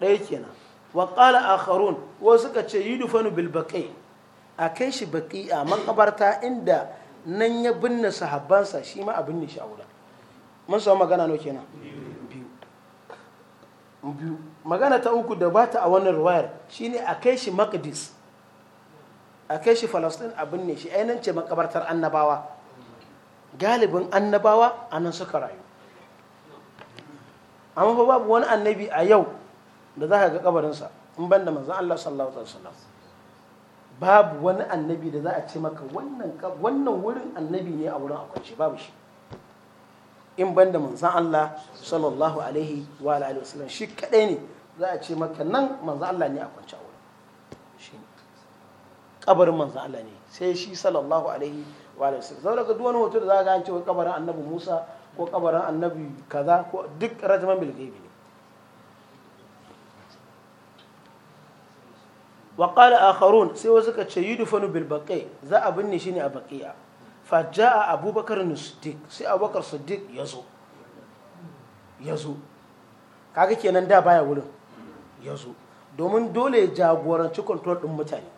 ɗaya kenan wa qala akharun wasu suka ce yudfanu bil baqi a kai shi baqi'a makabarta inda nan ya binne sahabbansa shi ma a binne shi a wula mun samu magana no kenan biyu biyu magana ta uku da bata a wannan ruwayar shine a kai shi a kai shi falastin a binne shi ainihin ce makabartar annabawa galibin annabawa a nan suka rayu amma fa babu wani annabi a yau da za ka ga kabarinsa in ban da manzan Allah sallallahu babu wani annabi da za a ce maka wannan wurin annabi ne a wurin akwai shi babu shi in ban da manzan Allah sallallahu alaihi wa alihi wasallam shi kadai ne za a ce maka nan manzan Allah ne a kwance a wurin shi ne kabarin manzan Allah ne sai shi sallallahu alaihi wa alihi wasallam saboda duk wani hoto da za ka ga an ce kabarin annabi Musa ko kabarin annabi kaza ko duk rajman bil ghaibi wa qala akharun sai wasu ka ce yudfanu bil baqi za a binne shi ne a baqiya fa a abubakar siddiq sai abubakar zo. yazo yazo kaga kenan da baya wurin yazo domin dole ya jagoranci control ɗin mutane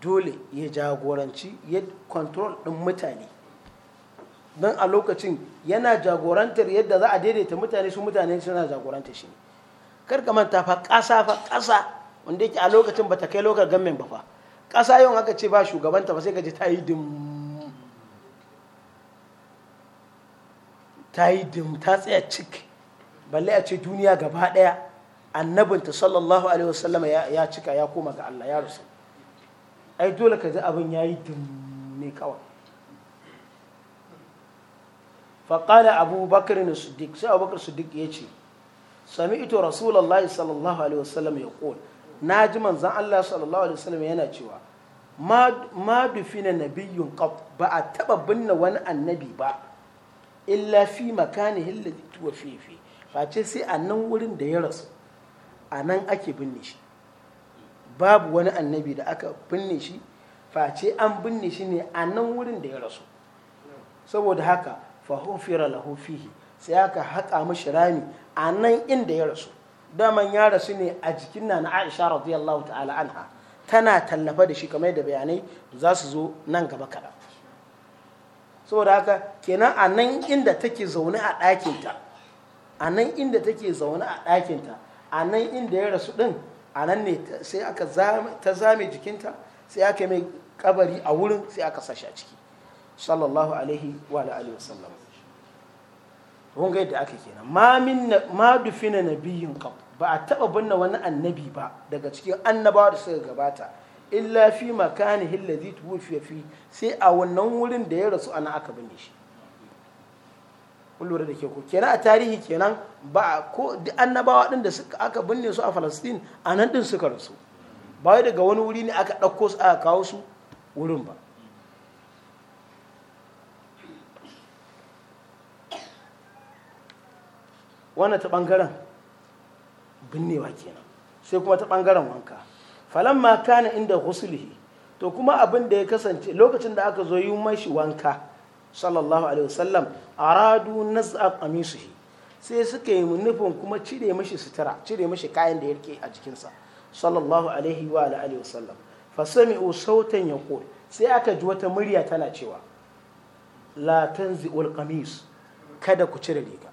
dole ya jagoranci ya control ɗin mutane don a lokacin yana jagorantar yadda za a daidaita mutane su mutane suna jagorantar shi ne ka manta fa ƙasa fa ƙasa wanda yake a lokacin bata kai lokacin gamin ba fa ƙasa yau aka ce ba shugabanta ba sai ka ji ta yi dim ta yi dim ta tsaya cik balle a ce duniya gaba ɗaya annabinta sallallahu alaihi wasallam ya cika ya koma ga Allah ya rusa ai dole ka ji abin ya yi dim ne kawai faƙala abu bakar ne siddiq sai abu bakar siddiq ya ce sami ito rasulallah sallallahu alaihi wasallam ya ƙona na ji manzan Allah sallallahu alaihi wasallam yana cewa ma dufina nabiyyun qab ba a taba binne wani annabi ba illa fi makanihi alladhi tuwa fifi face sai a nan wurin da ya rasu a nan ake binne shi babu wani annabi da aka binne shi face an binne shi ne a nan wurin da ya rasu saboda haka fahofira lahu sai aka haƙa mashi rami a nan inda ya rasu daman ya rasu ne a jikin na na aisha radiyallahu ta'ala anha tana tallafa da shi kamar da bayanai za su zo nan gaba kaɗan saboda haka kenan a nan inda take zaune a ɗakinta a nan inda take zaune a ɗakinta a nan inda ya rasu ɗin a nan ne sai aka ta zame jikinta sai aka mai kabari a wurin sai aka sashi a ciki sallallahu alaihi wa alihi wasallam kun ga yadda aka kenan ma min ma dufina nabiyin ba a taba binne wani annabi ba daga cikin annabawa da suka gabata illa fi makanihi alladhi tuwfiya fi sai a wannan wurin da ya rasu ana aka binne shi kun da ke ko kenan a tarihi kenan ba ko duk annabawa din da suka aka binne su a Falastin a nan din suka rasu ba daga wani wuri ne aka ɗauko su aka kawo su wurin ba wannan ta ɓangaren binnewa kenan sai kuma ta bangaren wanka ma kana inda husulihi to kuma abin da ya kasance lokacin da aka zo yi mashi wanka sallallahu alaihi wasallam aradu naz'a qamisuhi sai suka yi nufin kuma cire mashi sutura cire mashi kayan da ya rike a jikinsa sallallahu alaihi wa alihi wasallam fa sami'u sautan yaqul sai aka ji wata murya tana cewa la tanzi'ul qamis kada ku cire riga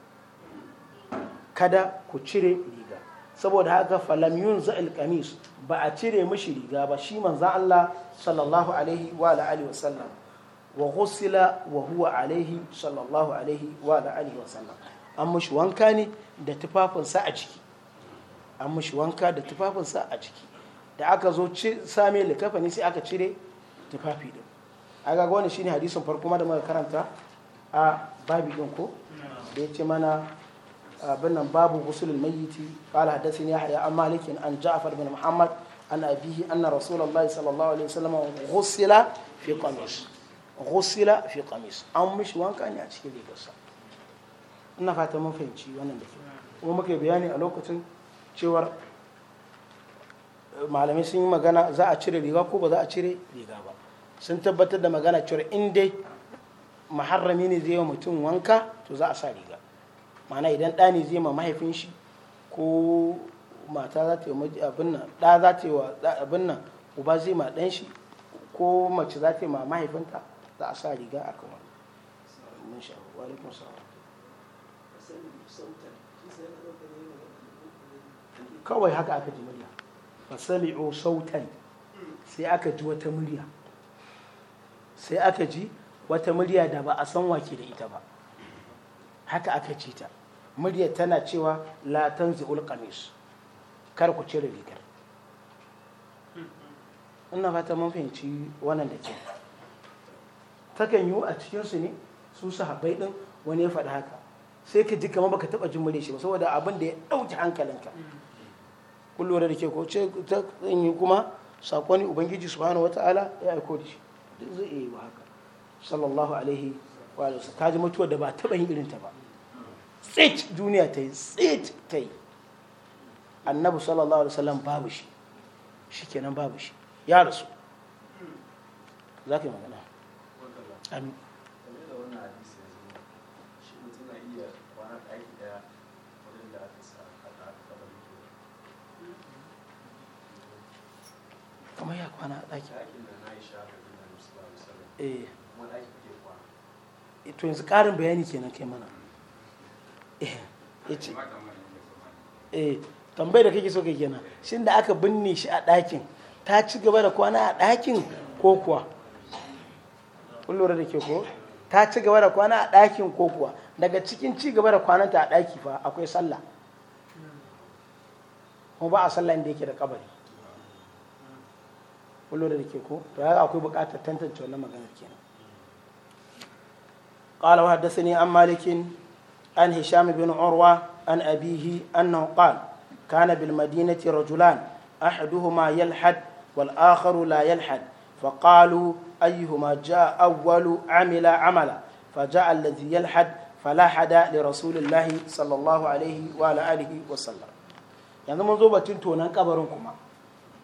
kada ku cire riga saboda haka falam yun za'il kamis ba a cire mashi riga ba shi manzan Allah sallallahu alaihi wa alihi wa sallam wa ghusila wa huwa alaihi sallallahu alaihi wa alihi wa sallam an mushi wanka ne da tufafinsa a ciki an mushi wanka da tufafinsa a ciki da aka zo same likafani sai aka cire tufafi din aga wani shine hadisin farko ma da muka karanta a babi din ko da yace mana abin nan babu gusulul mayyiti qala hadathani yahya an malik an ja'far bin muhammad an abihi anna rasulullahi sallallahu alaihi wasallam ghusila fi qamis ghusila fi qamis an mishi wanka ne a cikin rigarsa ina fata mun fahimci wannan da ke kuma muke bayani a lokacin cewar malamai sun yi magana za a cire riga ko ba za cire riga ba sun tabbatar da magana cewar in dai maharrami ne zai yi wa mutum wanka to za a sa riga mana idan ɗa ne zai ma mahaifin shi ko mata za ta yi abin nan ɗa za ta yi wa abin nan uba zai ma ɗan shi ko mace za ta yi ma mahaifinta za a sa riga a kan wani kawai haka aka ji murya o sautan sai aka ji wata murya sai aka ji wata murya da ba a san wake da ita ba haka aka ji ta muryar tana cewa latan tanzi'ul kamis kar ku cire rigar ina fata mun fahimci wannan da ke takan yiwu a cikinsu ne su sahabbai din wani ya faɗi haka sai ka ji kamar baka taɓa jin murya shi ba saboda abin da ya ɗauki hankalinka kun lura da ke ko ce ta yi kuma sakon ubangiji subhanahu wataala ya aiko da shi duk zai yi wa haka sallallahu alaihi wa sallam ta ji mutuwa da ba taɓa yin ta ba tsit duniya ta yi tsit ta yi annabi sallallahu alaihi wasallam babu shi shi kenan babu shi ya rasu za ka yi magana amin kamar ya kwana a ɗaki eh to yanzu ƙarin bayani kenan kai mana Eh, eh tambayar da kake so kai kenan shin da aka binne shi a ɗakin ta ci gaba da kwana a ɗakin ko kuwa kun lura da ke ko ta ci gaba da kwana a ɗakin ko kuwa daga cikin ci gaba da kwananta a ɗaki fa akwai sallah kuma ba a sallah inda yake da kabari kun lura da ke ko to ya akwai buƙatar tantance wannan maganar kenan قال وحدثني عن مالك عن هشام بن عروة عن أبيه أنه قال كان بالمدينة رجلان أحدهما يلحد والآخر لا يلحد فقالوا أيهما جاء أول عمل عملا فجاء الذي يلحد فلاحد لرسول الله صلى الله عليه وعلى آله وسلم yanzu mun zo batun tonan kabarin kuma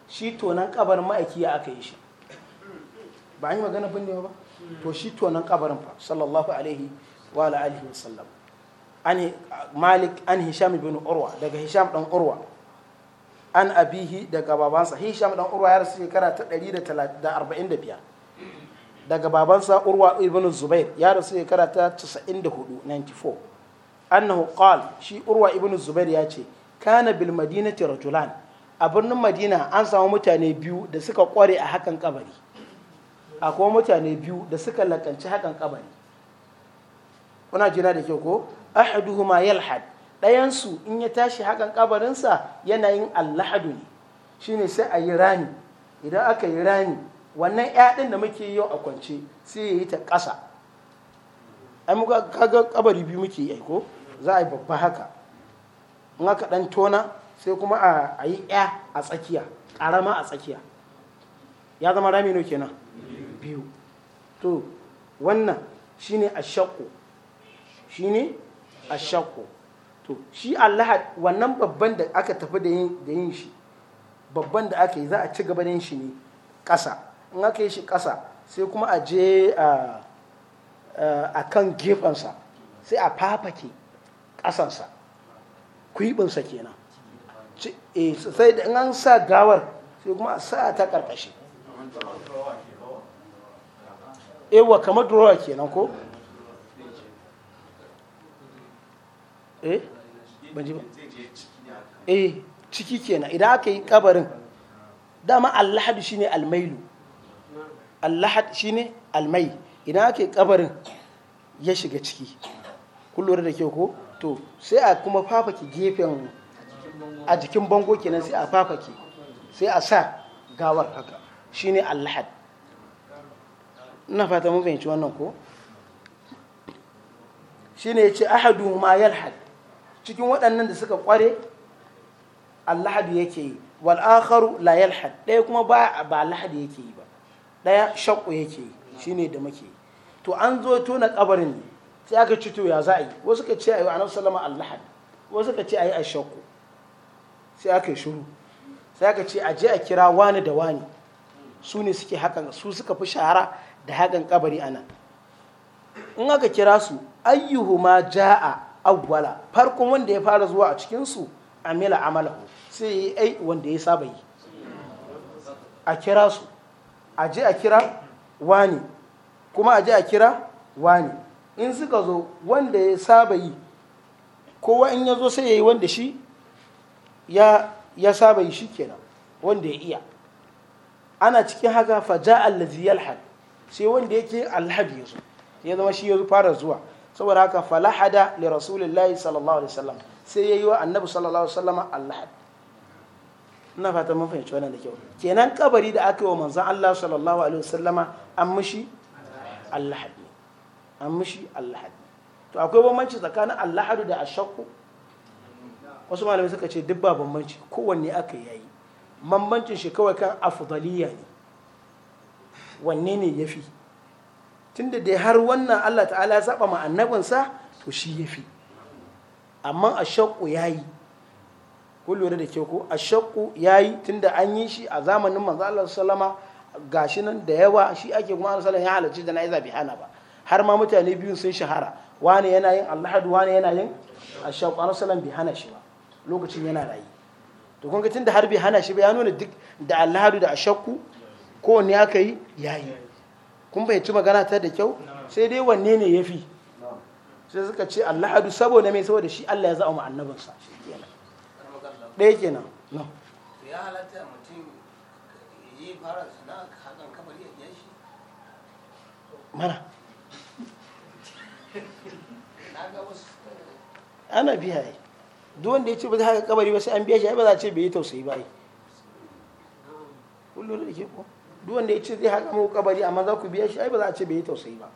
shi tonan kabarin ma'aiki ya aka yi shi ba an yi magana binnewa ba to shi tonan kabarin fa sallallahu alaihi wa alihi wa sallam an malik an hisham bin urwa daga hisham dan urwa an abihi daga babansa hisham dan urwa ya rasu shekara ta 145 daga babansa urwa ibn zubair ya rasu shekara ta 94 94 annahu qal shi urwa ibn zubair ya ce kana bil madinati rajulan a birnin madina an samu mutane biyu da suka kware a hakan kabari akwai mutane biyu da suka lakanci hakan kabari kuna jina da ke ko ahaduhuma yalhad su in ya tashi hakan kabarinsa yanayin allahadu ne shine sai a yi rami idan aka yi rani wannan yaɗin da muke yau a kwance sai ya yi ta ƙasa ai muka kaga kabari biyu muke yi ko za a yi babba haka in aka ɗan tona sai kuma a yi ya a tsakiya ƙarama a tsakiya ya zama rami ne kenan biyu to wannan shine shaƙo shine a ashakku to shi Allah wannan babban da aka tafi da yin shi babban da aka yi za a ci gaba da yin shi ne ƙasa in aka yi shi ƙasa sai kuma a je a kan gefensa sai a fafake ƙasansa kwiɓinsa kenan eh, sai da an sa gawar sai kuma a sa ta ƙarƙashi ewa kamar durowa kenan ko Eh? eh ciki kenan idan aka yi kabarin dama shi shine almailu allahad shine almai idan aka yi kabarin ya shiga ciki kullum lura da kyau ko to sai a kuma fafake gefen a jikin bango kenan sai a fafake sai a sa gawar haka shine allahad na fata mun yanci wannan ko shine ce ahadu ma yalhad cikin waɗannan da suka ƙware allahadu yake yi wal akharu la yalhad ɗaya kuma ba ba lahadi yake yi ba ɗaya shakku yake yi shine da muke to an zo tona kabarin ne sai aka ci to ya za a yi wasu ka ce ayi annabi sallama allahad wasu ka ce ayi shakku sai aka yi shiru sai aka ce a je a kira wani da wani su ne suke hakan su suka fi shahara da hakan kabari anan in aka kira su ayyuhuma ja'a awwala farkon wanda ya fara zuwa a cikinsu amila amalahu sai yi ai wanda ya saba yi a kira su a je a kira wani kuma a je a kira wani in suka zo wanda ya saba yi kowa in ya zo sai ya yi wanda shi ya saba yi shi kenan wanda ya iya ana cikin haka faja allazi yalhad sai wanda yake alhad ya zo ya zama shi ya fara zuwa saboda haka falahada li rasulillahi sallallahu alaihi wasallam sai yayi wa annabi sallallahu alaihi wasallam allahad ina fata mun fahimci wannan da kyau kenan kabari da aka yi wa manzon Allah sallallahu alaihi wasallama an mushi allahad an mushi allahad to akwai bambanci tsakanin allahadu da ashakku wasu malamai suka ce duk ba bambanci kowanne aka yayi bambancin shi kawai kan afdaliya ne wanne ne yafi tunda dai har wannan Allah ta'ala ya saba ma annabinsa to shi yafi amma ashaqqu yayi ko lura da ke ko ashaqqu yayi tunda an yi shi a zamanin manzo Allah sallama gashi nan da yawa shi ake kuma Allah sallama ya halarci da na'iza bi hana ba har ma mutane biyun sun shahara wani yana yin alhadu wani yana yin ashaqqu Allah sallama bi hana shi ba lokacin yana rayi to kun ga tunda har bai hana shi ba ya nuna duk da alhadu da ashakku ko ne aka yi yayi kun bai ci magana ta da kyau sai dai wanne ne ya fi sai suka ce Allah hadu saboda mai saboda shi Allah ya za'a ma annabinsa ɗaya kenan no ya halatta mutum yi fara zina hakan kamar ya shi mana ana biya yi duk wanda ya ce ba zai haka kabari ba sai an biya shi ba za a ce bai yi tausayi ba yi kullum da ke ko duk wanda ya ce zai haka mu kabari amma za ku biya shi ai ba za a ce bai yi tausayi ba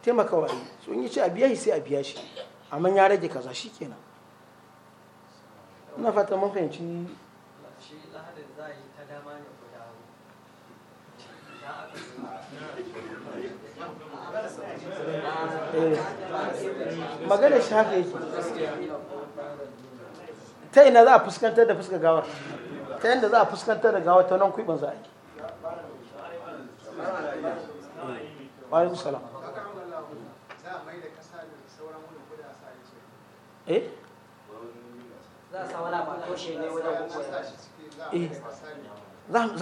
taimaka wa yi sun yi ce a biya shi sai a biya shi amma ya rage kaza shi kenan ina fata mun fahimci magana shi haka yake ta ina za a fuskantar da fuska gawar ta yadda za a fuskantar da gawar ta nan kuɓin za a yi salam eh, eh. za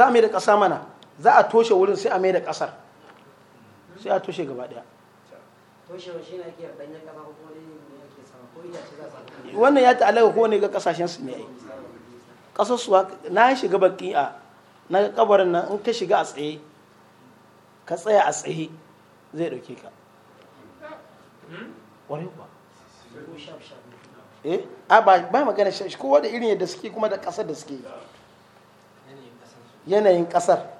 a mai da kasa mana za a toshe wurin sai a mai da kasar sai a toshe gaba daya wannan ya ta'alaka ko ne ga kasashen su ne ƙasar suwa na shiga baki a na kabarin nan in ka shiga a tsaye ka tsaya a tsaye zai ɗauke ka wani eh? a ba ba magana shi kowa da irin yadda suke kuma da ƙasar da suke yanayin ƙasar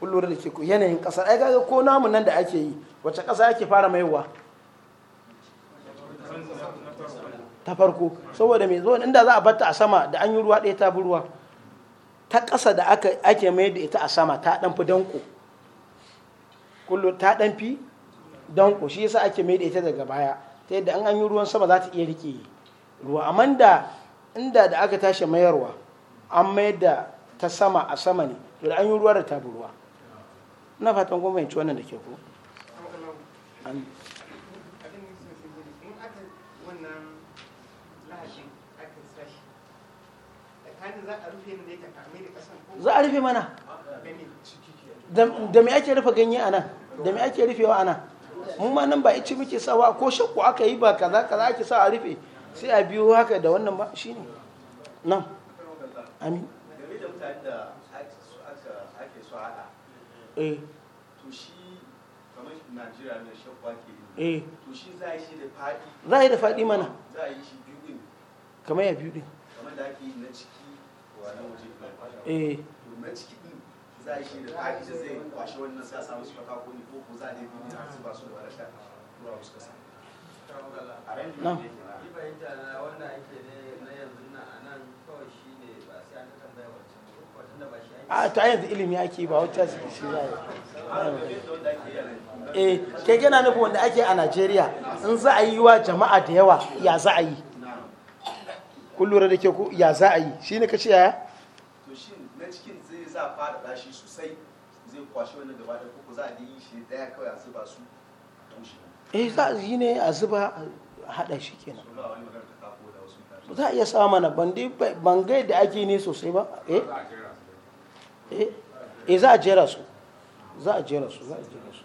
kullum da ke ku yanayin ƙasar ai kaga ko namun nan da ake yi wacce ƙasa ake fara maiwa ta farko saboda mai zuwa inda za a batta a sama da an yi ruwa ɗaya ta bi ruwa ta ƙasa da ake mai da ita a sama ta ɗan danko kullum ta dan fi danko shi yasa ake mai da ita daga baya ta yadda an yi ruwan sama za ta iya rike ruwa amma da inda da aka tashi mayarwa an mayar da ta sama a sama ne to da an yi ruwa da ta ruwa na fatan kuma yanci wannan da ke ku za a rufe mana da me ake rufe ganye a nan da me ake rufewa ana mun ma nan ba ice muke sawa ko shakku aka yi ba kaza kaza ake sa a rufe sai a biyo haka da wannan ba shi ne nan amin eh za a yi da faɗi mana kamar ya biyu din kamar da ake yi na ciki wa na waje eh na ciki za a shi da zai kwashe ko ne ko ko za su da barasha ruwa su kasa ni na wanda ne na yanzu na anan kawai shi ne ba sai an ko ba shi a ta yanzu ilimi ba wacce shi ya yi eh ke gina nufi wanda ake a Najeriya in za a yi wa jama'a da yawa ya za a yi kun da ke ya za a yi shi ne ka ce yaya za a faɗaɗa shi sosai zai kwashe wani gaba da kuku za a yi shi ɗaya kawai a zuba su tushe eh za a yi ne a zuba haɗa shi kenan za a iya sa mana bandi bangai da ake ne sosai ba eh? Eh? eh za a jera su za a jera su za a jera su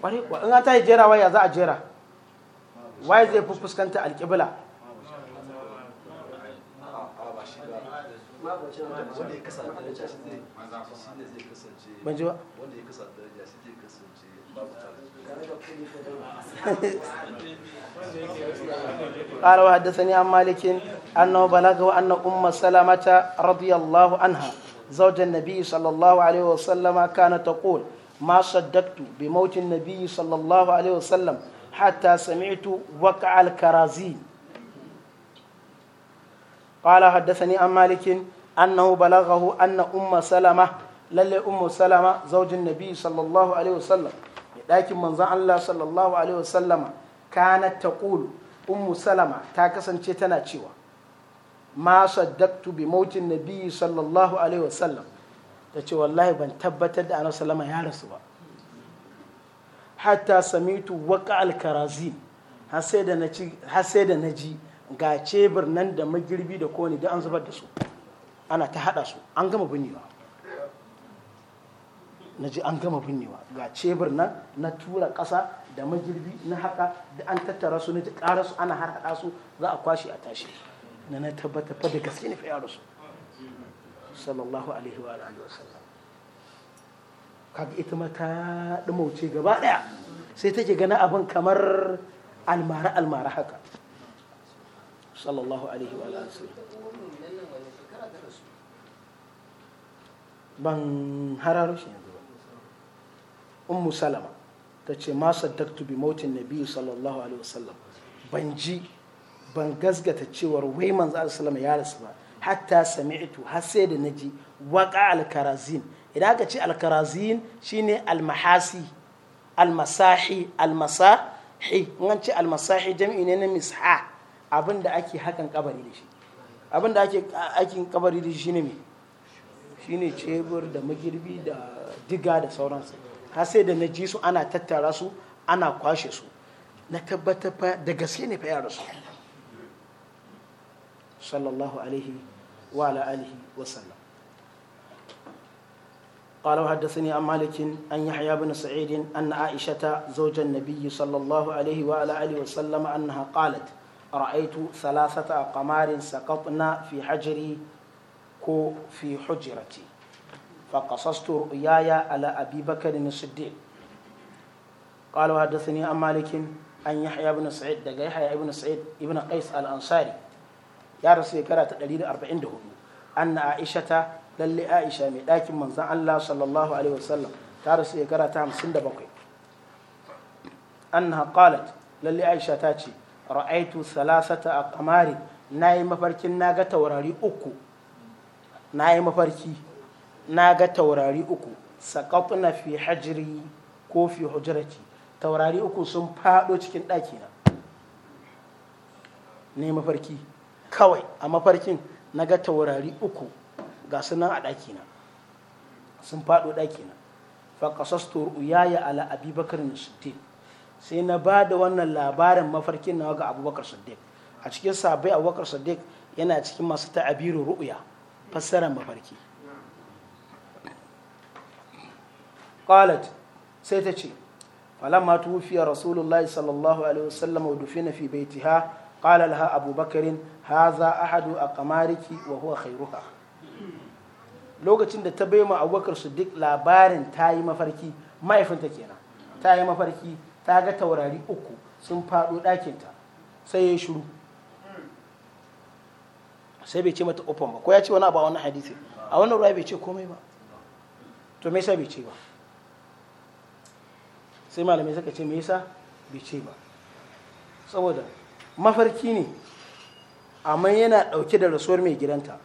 ƙwarai kuwa in an ta yi jera waya za a jera Waya zai fi fuskanta alƙibla wanda ya kasa daraja shi zai kasance wanda ya kasa daraja shi zai kasance babu قال وحدثني عن مالك أنه بلغه أن أم سلمة رضي الله عنها زوج النبي صلى الله عليه وسلم كانت تقول ما صدقت بموت النبي صلى الله عليه وسلم حتى سمعت وقع الكرازين قال حدثني عن مالك annahu balagahu anna umma salama lalle umma salama zaujin nabi sallallahu alaihi wasallam dakin manzon Allah sallallahu alaihi wasallama kana taqul ummu salama ta kasance tana cewa ma saddaqtu bi mautin nabi sallallahu alaihi wasallam ta ce wallahi ban tabbatar da annabi salama ya rasu ba hatta samitu waqa al-karazin har sai da na ji ga cebir nan da magirbi da kone da an zubar da su ana ta haɗa su an gama binnewa na ji an gama binnewa ga cebir nan na tura ƙasa da magirbi na haka da an tattara su na ji ƙara su ana har haɗa su za a kwashe a tashi na na tabbata fa da gaske ne fa yaro su sallallahu alaihi wa alihi wa sallam kaga ita ma ta dumauce gaba daya sai take gana abin kamar almara almara haka sallallahu alaihi wa alihi wa sallam ban hararo shi yanzu ummu salama ta ce ma saddaktu bi mautin nabi sallallahu alaihi wasallam ban ji ban gasgata cewar wai manzo alaihi ya rasu ba hatta sami'tu har sai da naji waqa al-karazin idan aka ce al-karazin shine al-mahasi al-masahi al-masahi in ce al-masahi jami'i ne na misha abinda ake hakan kabari da shi abinda ake ake kabari da shi ne me shine cebur da magirbi da diga da sauransu har sai da na ji su ana tattara su ana kwashe su na tabbatar da gaske ne fa yara su sallallahu alaihi wa ala alihi wa sallam قال وحدثني عن مالك أن يحيى بن سعيد أن عائشة زوج النبي صلى الله عليه وعلى آله وسلم أنها قالت رأيت ثلاثة قمار سقطنا في حجري ko fi hujrati fa qasastu ru'yaya ala abi bakr as-siddiq قال وحدثني عن مالك عن يحيى بن سعيد دقى يحيى بن سعيد ابن قيس الأنصاري يا رسول كرة تقليل أربعين دهون أن عائشة للي عائشة لكن من الله صلى الله عليه وسلم ta rasu shekara ta hamsin da bakwai annaha qalat lalle aisha ta ce ra'aitu salasata a kamari na yi mafarkin na ga taurari uku na yi mafarki na ga taurari uku na fi hajiri ko fi hujrati taurari uku sun faɗo cikin ɗakina na yi mafarki kawai a mafarkin na ga taurari uku ga sunan a ɗakina sun faɗo ɗakina faƙasastu ru'uyaya ala abubakar siddiq sai na ba da wannan labarin mafarkin na ga abubakar siddiq a cikin sabai abubakar siddiq yana cikin masu ta'abirin ru'uya fassarar mafarki qalat sai ta ce falamma tuwfiya rasulullahi sallallahu alaihi wasallam wa dufina fi baitiha qala laha abu haza hadha a kamariki wa huwa khairuha lokacin da ta bai ma abubakar duk labarin ta yi mafarki mahaifinta kenan ta yi mafarki ta ga taurari uku sun faɗo ɗakinta sai ya shuru. sai bai ce mata open ba ko ya ce wani abu a wannan hadisi a wannan ruwa bai ce komai ba to me yasa bai ce ba sai malamai suka ce me yasa bai ce ba saboda mafarki ne amma yana dauke da rasuwar mai gidanta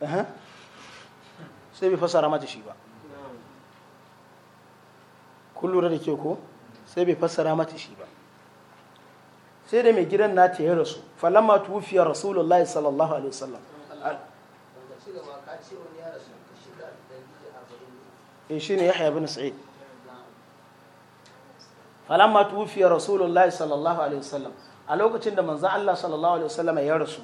sai bai fasara mata shi ba kun lura da ke ko sai bai fassara mata shi ba sai da mai gidan na ta ya rasu falamma tufiya rasulullahi sallallahu alaihi wasallam eh shine yahya bin sa'id falamma tufiya rasulullahi sallallahu alaihi wasallam a lokacin da manzon Allah sallallahu alaihi wasallam ya rasu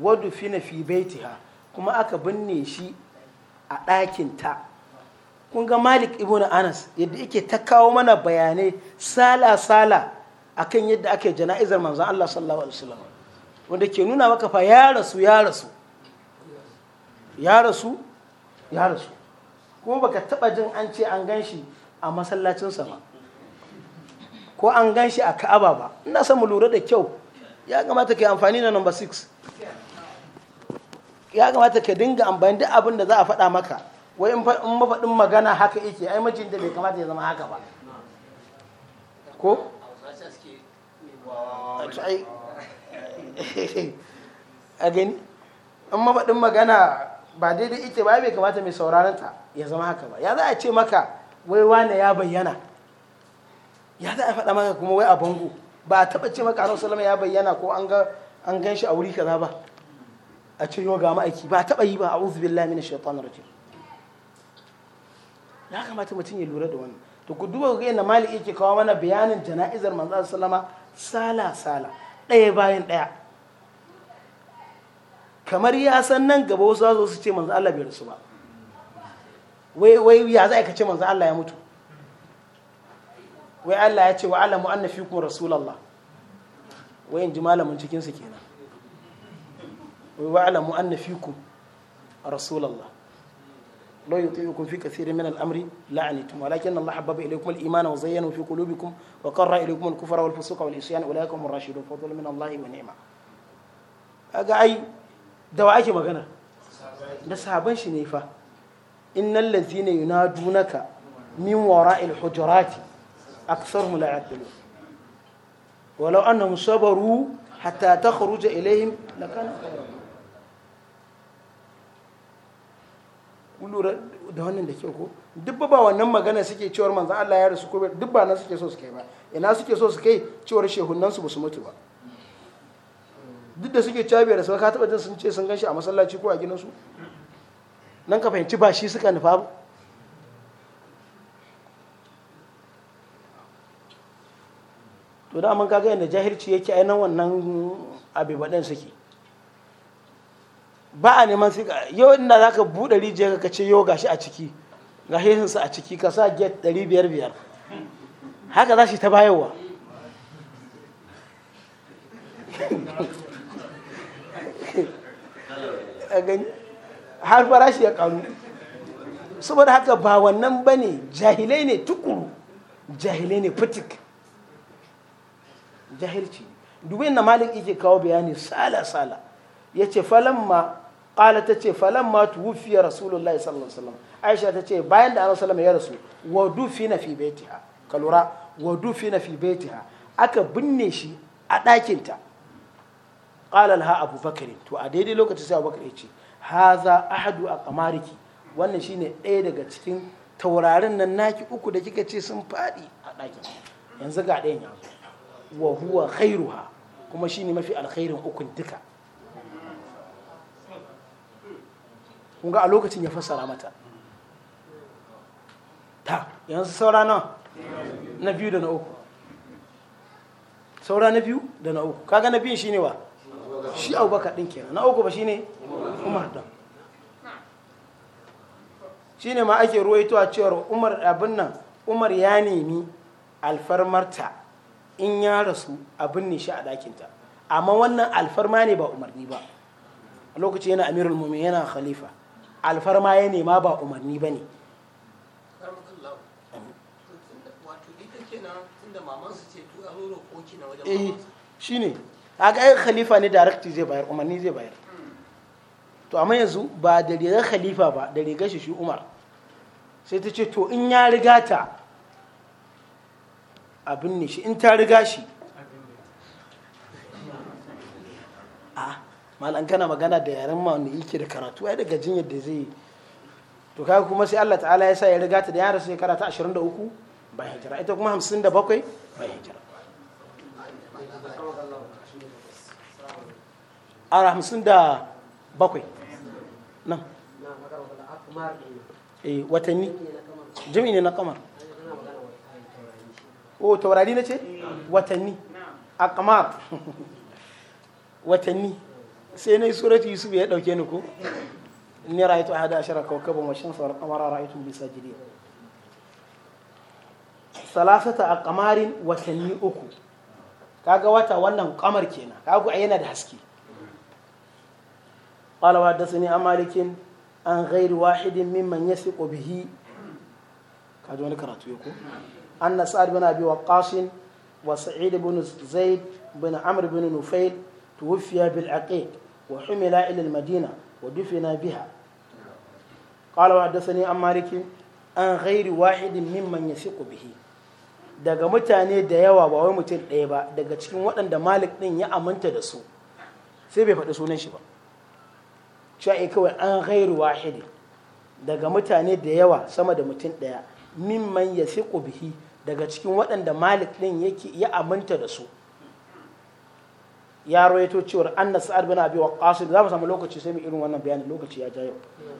wadu fina fi baitiha kuma aka binne shi a ɗakin ta kun ga Malik ibn Anas yadda yake ta kawo mana bayanai sala sala akan yadda ake jana'izar manzon Allah sallallahu alaihi wasallam wanda ke nuna maka fa ya rasu ya rasu ya rasu ya rasu kuma baka taba jin an ce an ganshi a masallacinsa ba ko an ganshi a Ka'aba ba ina son mu lura da kyau ya kamata ka amfani da number 6 ya kamata ka dinga amfani da abin da za a faɗa maka wai in mafaɗin magana haka yake ai mijin da bai kamata ya zama haka ba ko a gani an mafaɗin magana ba daidai ita ba bai kamata mai sauraron ta ya zama haka ba ya za a ce maka wai wane ya bayyana ya za a faɗa maka kuma wai a bango ba a taɓa ce maka annabi sallama ya bayyana ko an gan shi a wuri kaza ba a ce yau ga ma'aiki ba a taɓa yi ba a'udhu billahi minash shaitanir rajim ya kamata mutum ya lura da wannan to ku duba ga yadda maliki yake kawo mana bayanin jana'izar manzo sallama sala sala ɗaya bayan ɗaya kamar ya san nan gaba wasu wasu su ce manzo Allah bai rasu ba wai ya za ka ce manzo Allah ya mutu wai Allah ya ce wa alamu anna fikum rasulallah wai in ji malamin cikinsa kenan wai wa alamu anna fikum rasulallah. لو يطيعكم في كثير من الأمر لعنتم ولكن الله حبب إليكم الإيمان وزينه في قلوبكم وقرر إليكم الكفر والفسوق والعصيان أولئك هم الراشدون فضل من الله ونعمة أجا أي دواعي مغنى ده صحابان شنيفة إن الذين ينادونك من وراء الحجرات أكثرهم لا يعدلون ولو أنهم صبروا حتى تخرج إليهم لكان خيرا kun lura da wannan da kyau ko duk ba wannan magana suke cewar manzan Allah ya rasu ko duk ba nan suke so su kai ba ina suke so su kai cewar shehunan su basu mutu ba duk da suke cabiya da su ka taba jin sun ce sun ganshi a masallaci ko a gidan su nan ka fahimci ba shi suka nufa ba to da mun kaga yadda jahilci yake ainihin wannan abu baɗin suke ba a neman sai ka yau inda za ka buɗe rijiyar ka ce yau gashi a ciki ga hesinsa a ciki ka sa get ɗari biyar biyar haka za shi ta bayarwa har farashi ya ƙaru saboda haka ba wannan ba ne jahilai ne tukuru jahilai ne fitik jahilci dubi na malik yake kawo bayani sala-sala ya ce falon ma. qala tace falamma tuwfiya rasulullahi sallallahu alaihi wasallam aisha tace bayan da annabi sallallahu alaihi wasallam ya rasu wa dufina fi baitiha kalura wa dufina fi baitiha aka binne shi a ɗakin ta qala laha abu to a daidai lokacin sai abu bakr yace haza ahadu a qamariki wannan shine ɗaya daga cikin taurarin nan naki uku da kika ce sun faɗi a ɗakin yanzu ga ɗayan yanzu wa huwa khairuha kuma shine mafi alkhairin ukun duka Kunga ga a lokacin ya fassara mata ta yanzu saura na na biyu da na uku saura na biyu da na uku kaga na biyun shine wa shi abubakar din kenan na uku ba shine umar shi shine ma ake ruwaito a cewar umar abin nan umar ya nemi alfarmarta in ya rasu abin ne shi a dakinta amma wannan alfarma ne ba umarni ba a lokaci yana amirul mumin yana khalifa alfarma ya nema ba umarni ba ne eh shi ne a ga khalifa ne darakti zai bayar umarni zai bayar hmm. to amma yanzu ba da rigar khalifa ba da rigar shi shi umar sai ta ce to in ya riga ta abin ne shi in ta riga shi malan kana magana da yaren ma wanda yake da karatu ai daga jin yadda zai to kaga kuma sai Allah ta'ala ya sa ya riga ta da yara sai karata 23 bai hijira ita kuma 57 bai hijira a 57 nan eh watanni jimi ne na kamar o taurari na ce watanni a kamar watanni sai na yi suratu yusuf ya dauke ni ko ni ra'aytu ahada ashara kawkaban wa shamsa wal qamara ra'aytu bi sajidin salasata a kamarin watanni uku kaga wata wannan kamar kenan kaga a yana da haske qala wa dasani amalikin an ghairi wahidin mimman yasiqu bihi kaji wani karatu yako anna sa'ad bin abi waqqas wa sa'id bin zaid bin amr bin nufail توفي بالعقيق وحمل إلى المدينة ودفن بها قال وحدثني عن مالك عن غير واحد ممن يثق به daga mutane da yawa ba wai mutum ɗaya ba daga cikin waɗanda malik ɗin ya aminta da su sai bai faɗi sunan shi ba sha'i kawai an ghairu wahidi daga mutane da yawa sama da mutum ɗaya mimman ya bihi daga cikin waɗanda malik ɗin ya aminta da su ya rawaito cewar anna sa'ad bin abi waqqas za mu samu lokaci sai mu irin wannan bayanin lokaci ya jayo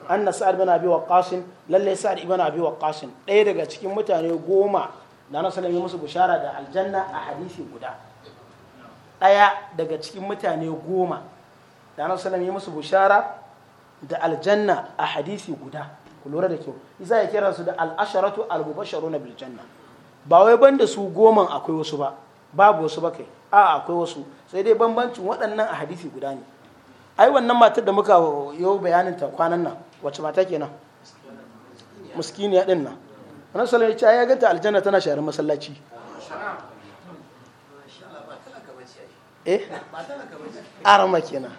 anna sa'ad bin abi waqqas lalle sa'ad ibn abi waqqas ɗaya daga cikin mutane goma da na sallallahu musu bushara da aljanna a hadisi guda ɗaya daga cikin mutane goma da na sallallahu musu bushara da aljanna a hadisi guda ku lura da kyau isa ya kira su da al-asharatu al-mubashsharuna bil janna ba wai banda su goma akwai wasu ba babu wasu ba kai a akwai wasu sai dai bambancin waɗannan a hadisi guda ne ai wannan matar da muka yi bayanin ta kwanan nan wacce mata kenan muskiniya din nan wannan salon ya ya ganta aljanna tana shayar masallaci eh kenan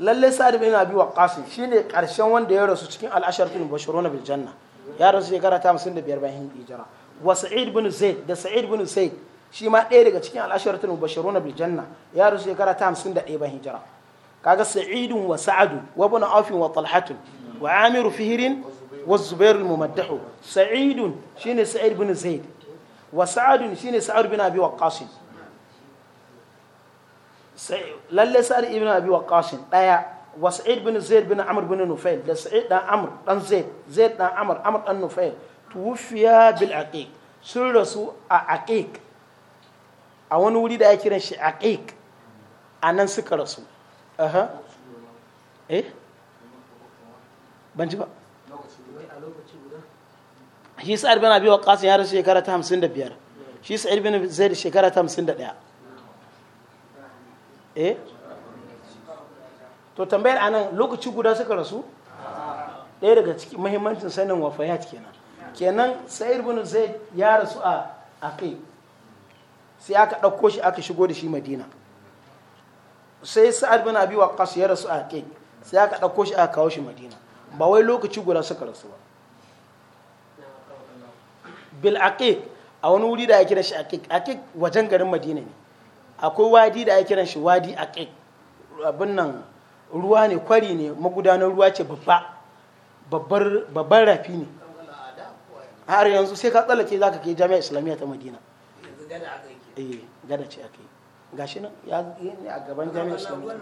lalle sa'ad bin abi waqqas shine karshen wanda ya rasu cikin al-asharatul mubashiruna bil janna ya rasu shekara ta 55 bayan hijira wa sa'id bin zaid da sa'id bin zaid shi ma ɗaya daga cikin al-asharatul mubashiruna bil janna ya rasu shekara ta 51 bayan hijira kaga sa'idun wa sa'adu wa ibn aufin wa talhatun wa amiru fihirin wa zubair al-mumaddahu sa'idun shine sa'id bin zaid wa sa'adun shine sa'ad bin abi waqqas lalle sa'ad ibn abi waqqas daya wa sa'id bin zaid bin amr bin nufail da sa'id dan amr dan zaid zaid dan amr amr dan nufail tuwfiya bil aqiq sun rasu a aqiq a wani wuri da ya kiran shi aqiq a nan suka rasu aha eh ban ji ba shi sa'id bin abi waqqas ya rasu shekara ta 55 shi sa'id bin zaid shekara ta 51 eh to tambayar anan lokaci guda suka rasu ɗaya daga cikin muhimmancin sanin wafayat kenan kenan sa'id bin zaid ya rasu a akai sai aka ɗauko shi aka shigo da shi madina sai sa'ad bin abi waqqas ya rasu a akai sai aka ɗauko shi aka kawo shi madina ba wai lokaci guda suka rasu ba bil aqiq a wani wuri da ya kira shi aqiq aqiq wajen garin madina ne akwai wadi da ake kiran shi wadi a abin nan ruwa ne kwari ne magudanar ruwa ce babba babbar rafi ne har yanzu sai ka tsallake za ka kai jami'a islamiyya ta madina eh, gada ce ake yi gashi nan ya yi a gaban jami'a islamiyya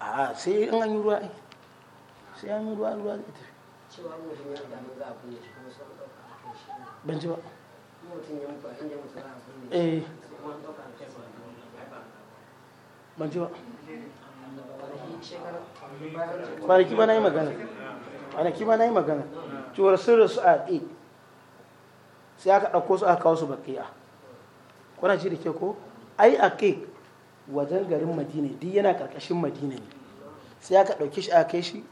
a sai in an yi ruwa eh, sai an yi ruwa ruwa zai tafi ban ji ba eh ban ji ba kwanaki ba na yi magana kwanaki ba na yi magana cewar sun rasu a e sai aka ɗauko su aka kawo su bakiya kuna ji da ke ko ai a ke wajen garin madina duk yana ƙarƙashin madina ne sai aka ɗauki shi a kai shi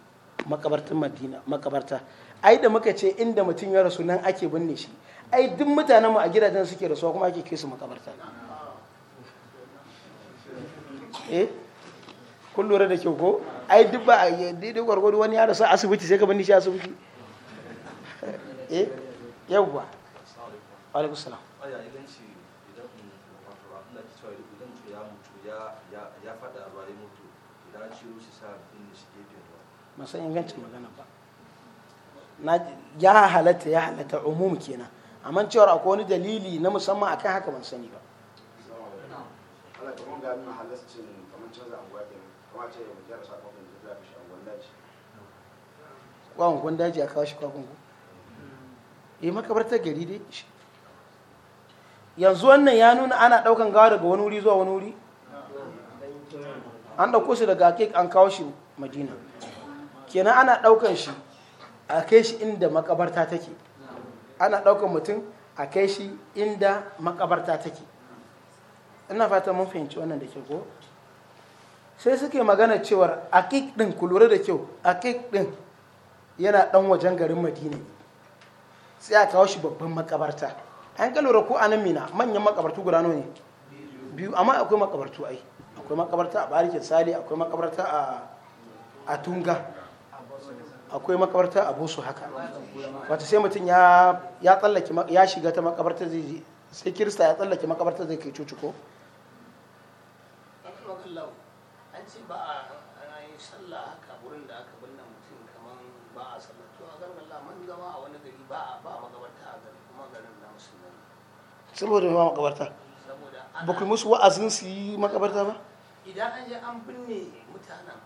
makabartar madina makabarta ai da muka ce inda mutum ya rasu nan ake binne shi ai duk mutanen mu a gidajen suke rasuwa kuma ake kai su makabarta eh kun lura da kyau ko ai duk ba eh, daidai gwargwado wani ya sa asibiti sai ka bani shi asibiti eh yawwa alaikum salam masan ingancin magana ba na ya halatta ya halatta umum kenan amma cewar akwai wani dalili na musamman akan haka ban sani ba ga kwan anguwa daji kun daji a kawo shi kwan ku eh makabartar gari dai yanzu wannan ya nuna ana daukan gawa daga wani wuri zuwa wani wuri an dauko shi daga akik an kawo shi madina kenan ana daukan shi a kai shi inda makabarta take ana daukan mutum a kai shi inda makabarta take ina fata mun fahimci wannan da ke ko sai suke magana cewar akik din ku lura da kyau akik din yana dan wajen garin madina sai a kawo shi babban makabarta an ka lura ko anan mina manyan makabartu guda nawa ne biyu amma akwai makabartu ai akwai makabarta a barikin sali akwai makabarta a tunga akwai makabarta a busu haka wata sai mutum ya tsallake ya shiga ta makabarta zai sai kirista ya tsallake makabarta zai kai cucuko ba yi sallah haka wurin aka binne mutum ba a sallah to wani gari ba saboda ba magabarta ba ku musu wa'azin su yi makabarta ba idan an je an binne mutanen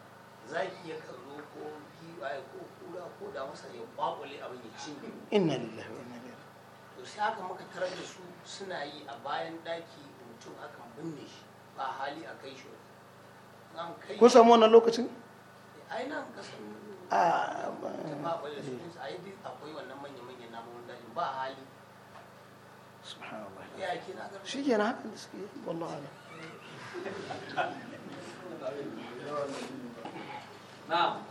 zaki ya karo ko giwaye ko kura ko da masa ya kwakwale abin ya cinye inna lillahi wa inna ilaihi to sai aka maka tarar da su suna yi a bayan daki mutum akan binne shi ba hali a kai shi kun samu wannan lokacin a shi ke na hakan da suke wallah ala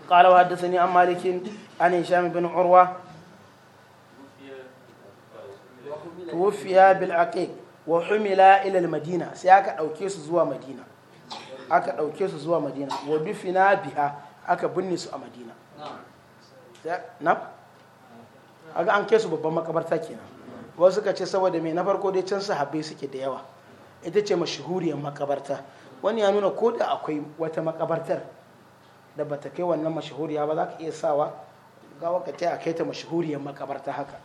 قال وحدثني عن مالك عن هشام بن عروة توفي بالعقيق وحمل إلى المدينة سياك أو كيس زوا مدينة aka ɗauke su zuwa madina wa na biha aka binne su a madina na aga an kai su babban makabarta kenan wasu ka ce saboda mai na farko dai can sahabbai suke da yawa ita ce mashahuriyar makabarta wani ya nuna ko da akwai wata makabartar da ba ta kai wannan mashahuriya ba za ka iya sawa gawa ka a kai ta mashahuriyar makabarta haka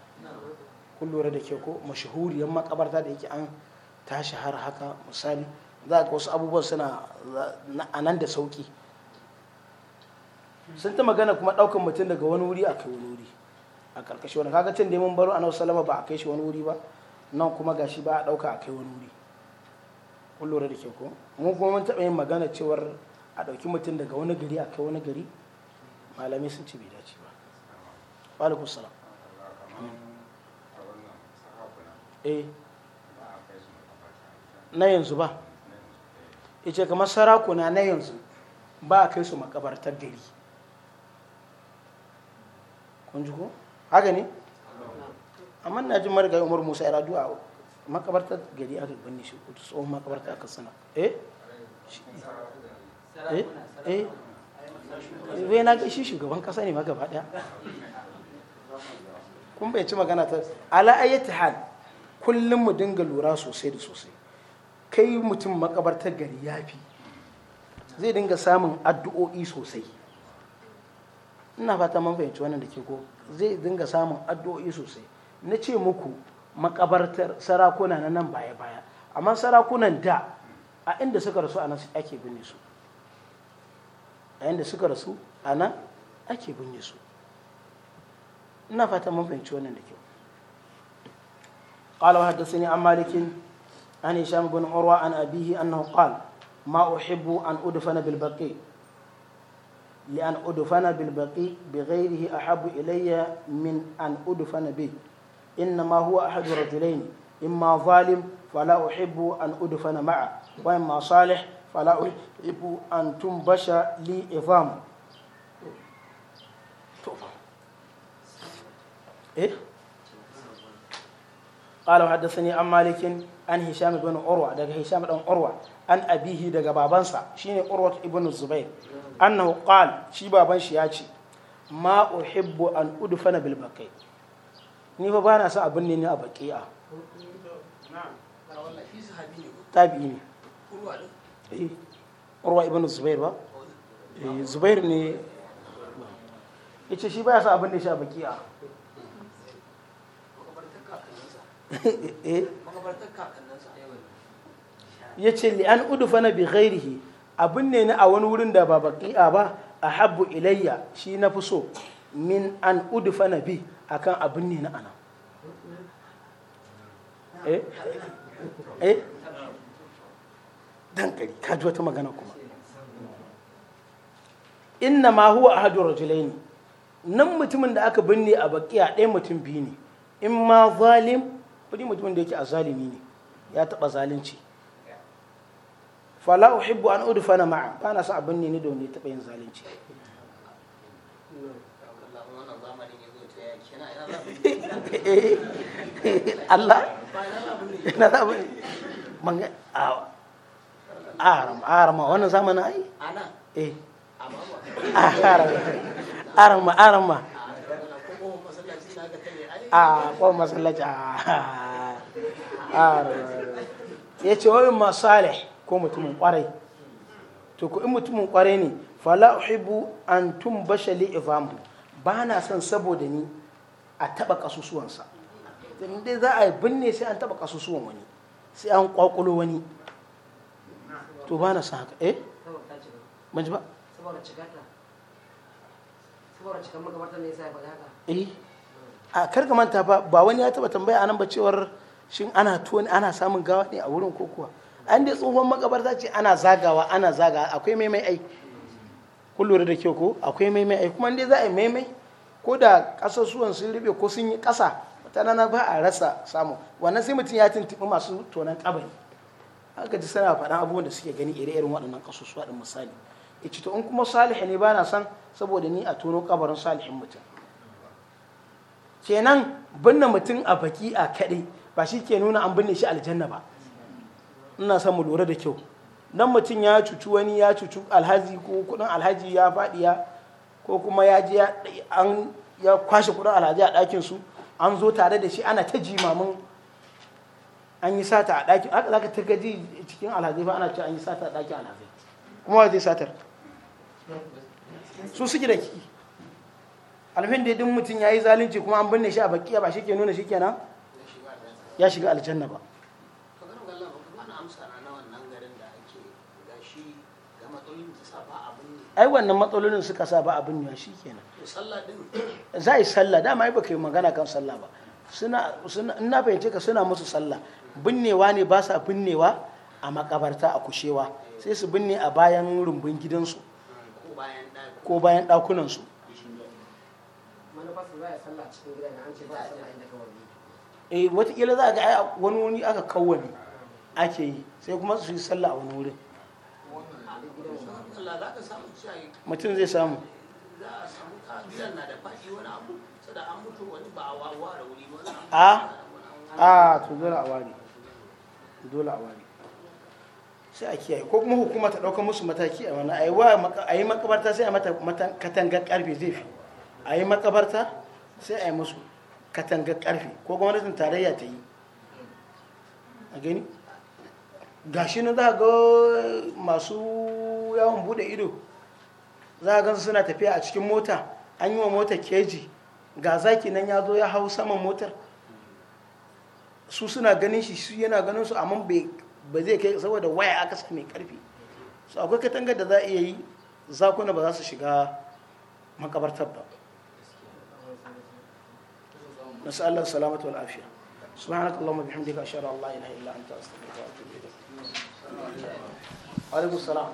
kun da ke ko mashahuriyar makabarta da yake an tashi har haka misali za ka wasu abubuwan suna a nan da sauki sun ta magana kuma ɗaukan mutum daga wani wuri a kai wani wuri a ƙarƙashi wani kaga can da mun baro annabi salama ba a kai shi wani wuri ba nan kuma gashi ba a ɗauka a kai wani wuri kun lura da ke ko mun kuma mun taɓa yin magana cewar a ɗauki mutum daga wani gari a kai wani gari malamai sun ce bai dace ba alaikum salam eh. na yanzu ba ya ce kamar sarakuna na yanzu ba a kai su makabartar gari kun ji haka ne amma na ji marigayi umar musa iradu a makabartar gari a aka ne shi kudu tsohon makabartar aka sana eh eh eh wai na ga shi shugaban kasa ne ma gaba daya kun bai ci magana ta ala ayyati hal kullum mu dinga lura sosai da sosai kai mutum makabartar gari ya fi zai dinga samun addu'o'i sosai ina fata man fahimci wannan da ke ko zai dinga samun addu'o'i sosai na ce muku makabartar sarakuna na nan baya-baya amma sarakunan da a inda suka rasu a nan ake binne su a inda suka rasu a nan ake binne su ina fata man fahimci wannan da kyau قال وحدثني عن مالك عن هشام بن عروة عن أبيه أنه قال ما أحب أن أدفن بالبقي لأن أدفن بالبقي بغيره أحب إلي من أن أدفن به إنما هو أحد رجلين إما ظالم فلا أحب أن أدفن معه وإما صالح فلا أحب أن تنبش لي إظام إيه؟ قال وحدثني عن مالك an hisham ibn urwa daga hisham dan urwa an abihi daga babansa shine urwa ibn zubair annahu qal shi baban shi ya ce ma uhibbu an udfana bil baqi ni fa bana son abin ne a baqi'a tabi'i ne eh, urwa ibn zubair ba oh, eh, zubair ne yace shi baya son abin ne shi a baqi'a eh ya ce li'an an na bi ghairihi abin ne ni a wani wurin da ba baki'a ba a habbu ilayya shi na fi so min an na bi akan abin ne na ana eh eh dankali ka wata magana kuma inna ma huwa ahadu rajulaini nan mutumin da aka binne a bakiya ɗaya mutum biyu ne in ma zalim kudi mutumin da yake azalimi ne ya taba zalunci fala uhibbu an udfana ma'a ba na sa abin ne ni domin ya taba yin zalunci Allah na za mu manga a aram aram wannan zamanin ai ana eh aram aram aram a kwan masallaci a ya ce wani masu ko mutumin kwarai to ku in mutumin kwarai ne fala Uhibu an tun bashali ifamu ba na son saboda ni a taba kasusuwansa dai za a binne sai an taba kasusuwan wani sai an kwakulo wani to ba na son haka eh ban ji ba saboda cigata saboda cikan magabatar ne sai ya faɗa haka eh? a karka manta ba ba wani ya taba tambaya anan ba cewar shin ana tuwo ana samun gawa ne a wurin ko an dai tsohon makabarta ce ana zagawa ana zagawa akwai maimai ai kun da kyau ko akwai maimai ai kuma dai za a yi maimai ko da ƙasasuwan sun rube ko sun yi kasa wata nana ba a rasa samu wannan sai mutum ya tuntuɓi masu tonan ƙabari haka ji suna faɗan abubuwan da suke gani ire irin waɗannan ƙasusuwa ɗin misali ya to in kuma salihi ne ba na san saboda ni a tono kabarin salihin mutum kenan binne mutum a baki a kaɗai ba shi ke nuna an binne shi aljanna ba ina son mu lura da kyau dan mutum ya cucu wani ya cucu alhaji ko kudin alhaji ya faɗiya ko kuma ya je an ya kwashe kudin alhaji a ɗakin su an zo tare da shi ana ta jimamin an yi sata a ɗakin haka zaka ta gaji cikin alhaji ba ana ce an yi sata a ɗakin alhaji kuma wa zai satar su suke da alfin da duk mutum ya yi zalunci kuma an binne shi a bakiya ba shi ke nuna shi kenan ya shiga aljanna ba ai wannan matsalolin suka sa ba abin ya shi kenan za a yi sallah dama ai baka yi magana kan sallah ba suna ina fahimce ka suna musu sallah binnewa ne ba sa binnewa a makabarta a kushewa sai su binne a bayan rumbun gidansu hmm, ko bayan ɗakunansu wani fasu za a sallah a eh, za a ga wani wani aka kawani ake yi sai kuma su yi sallah a wani wurin mutum zai samu a a to dole a ware dole a ware sai a kiyaye ko kuma hukuma ta musu mataki a wani a yi makabarta sai a mata katangar karfe zai fi a yi makabarta sai a yi musu katangar karfe ko gwamnatin tarayya ta yi a gani gashi na za ga masu yawon bude ido za ga suna tafiya a cikin mota an yi wa mota keji ga zaki nan ya zo ya hau saman motar su suna ganin shi su yana ganin su amma ba zai kai saboda waya aka sa mai karfi su akwai katangar da za a iya yi zakuna ba za su shiga makabartar ba نسأل الله السلامة والعافية سبحانك اللهم وبحمدك أشهد أن لا إله إلا أنت أستغفرك وأتوب إليك عليكم السلام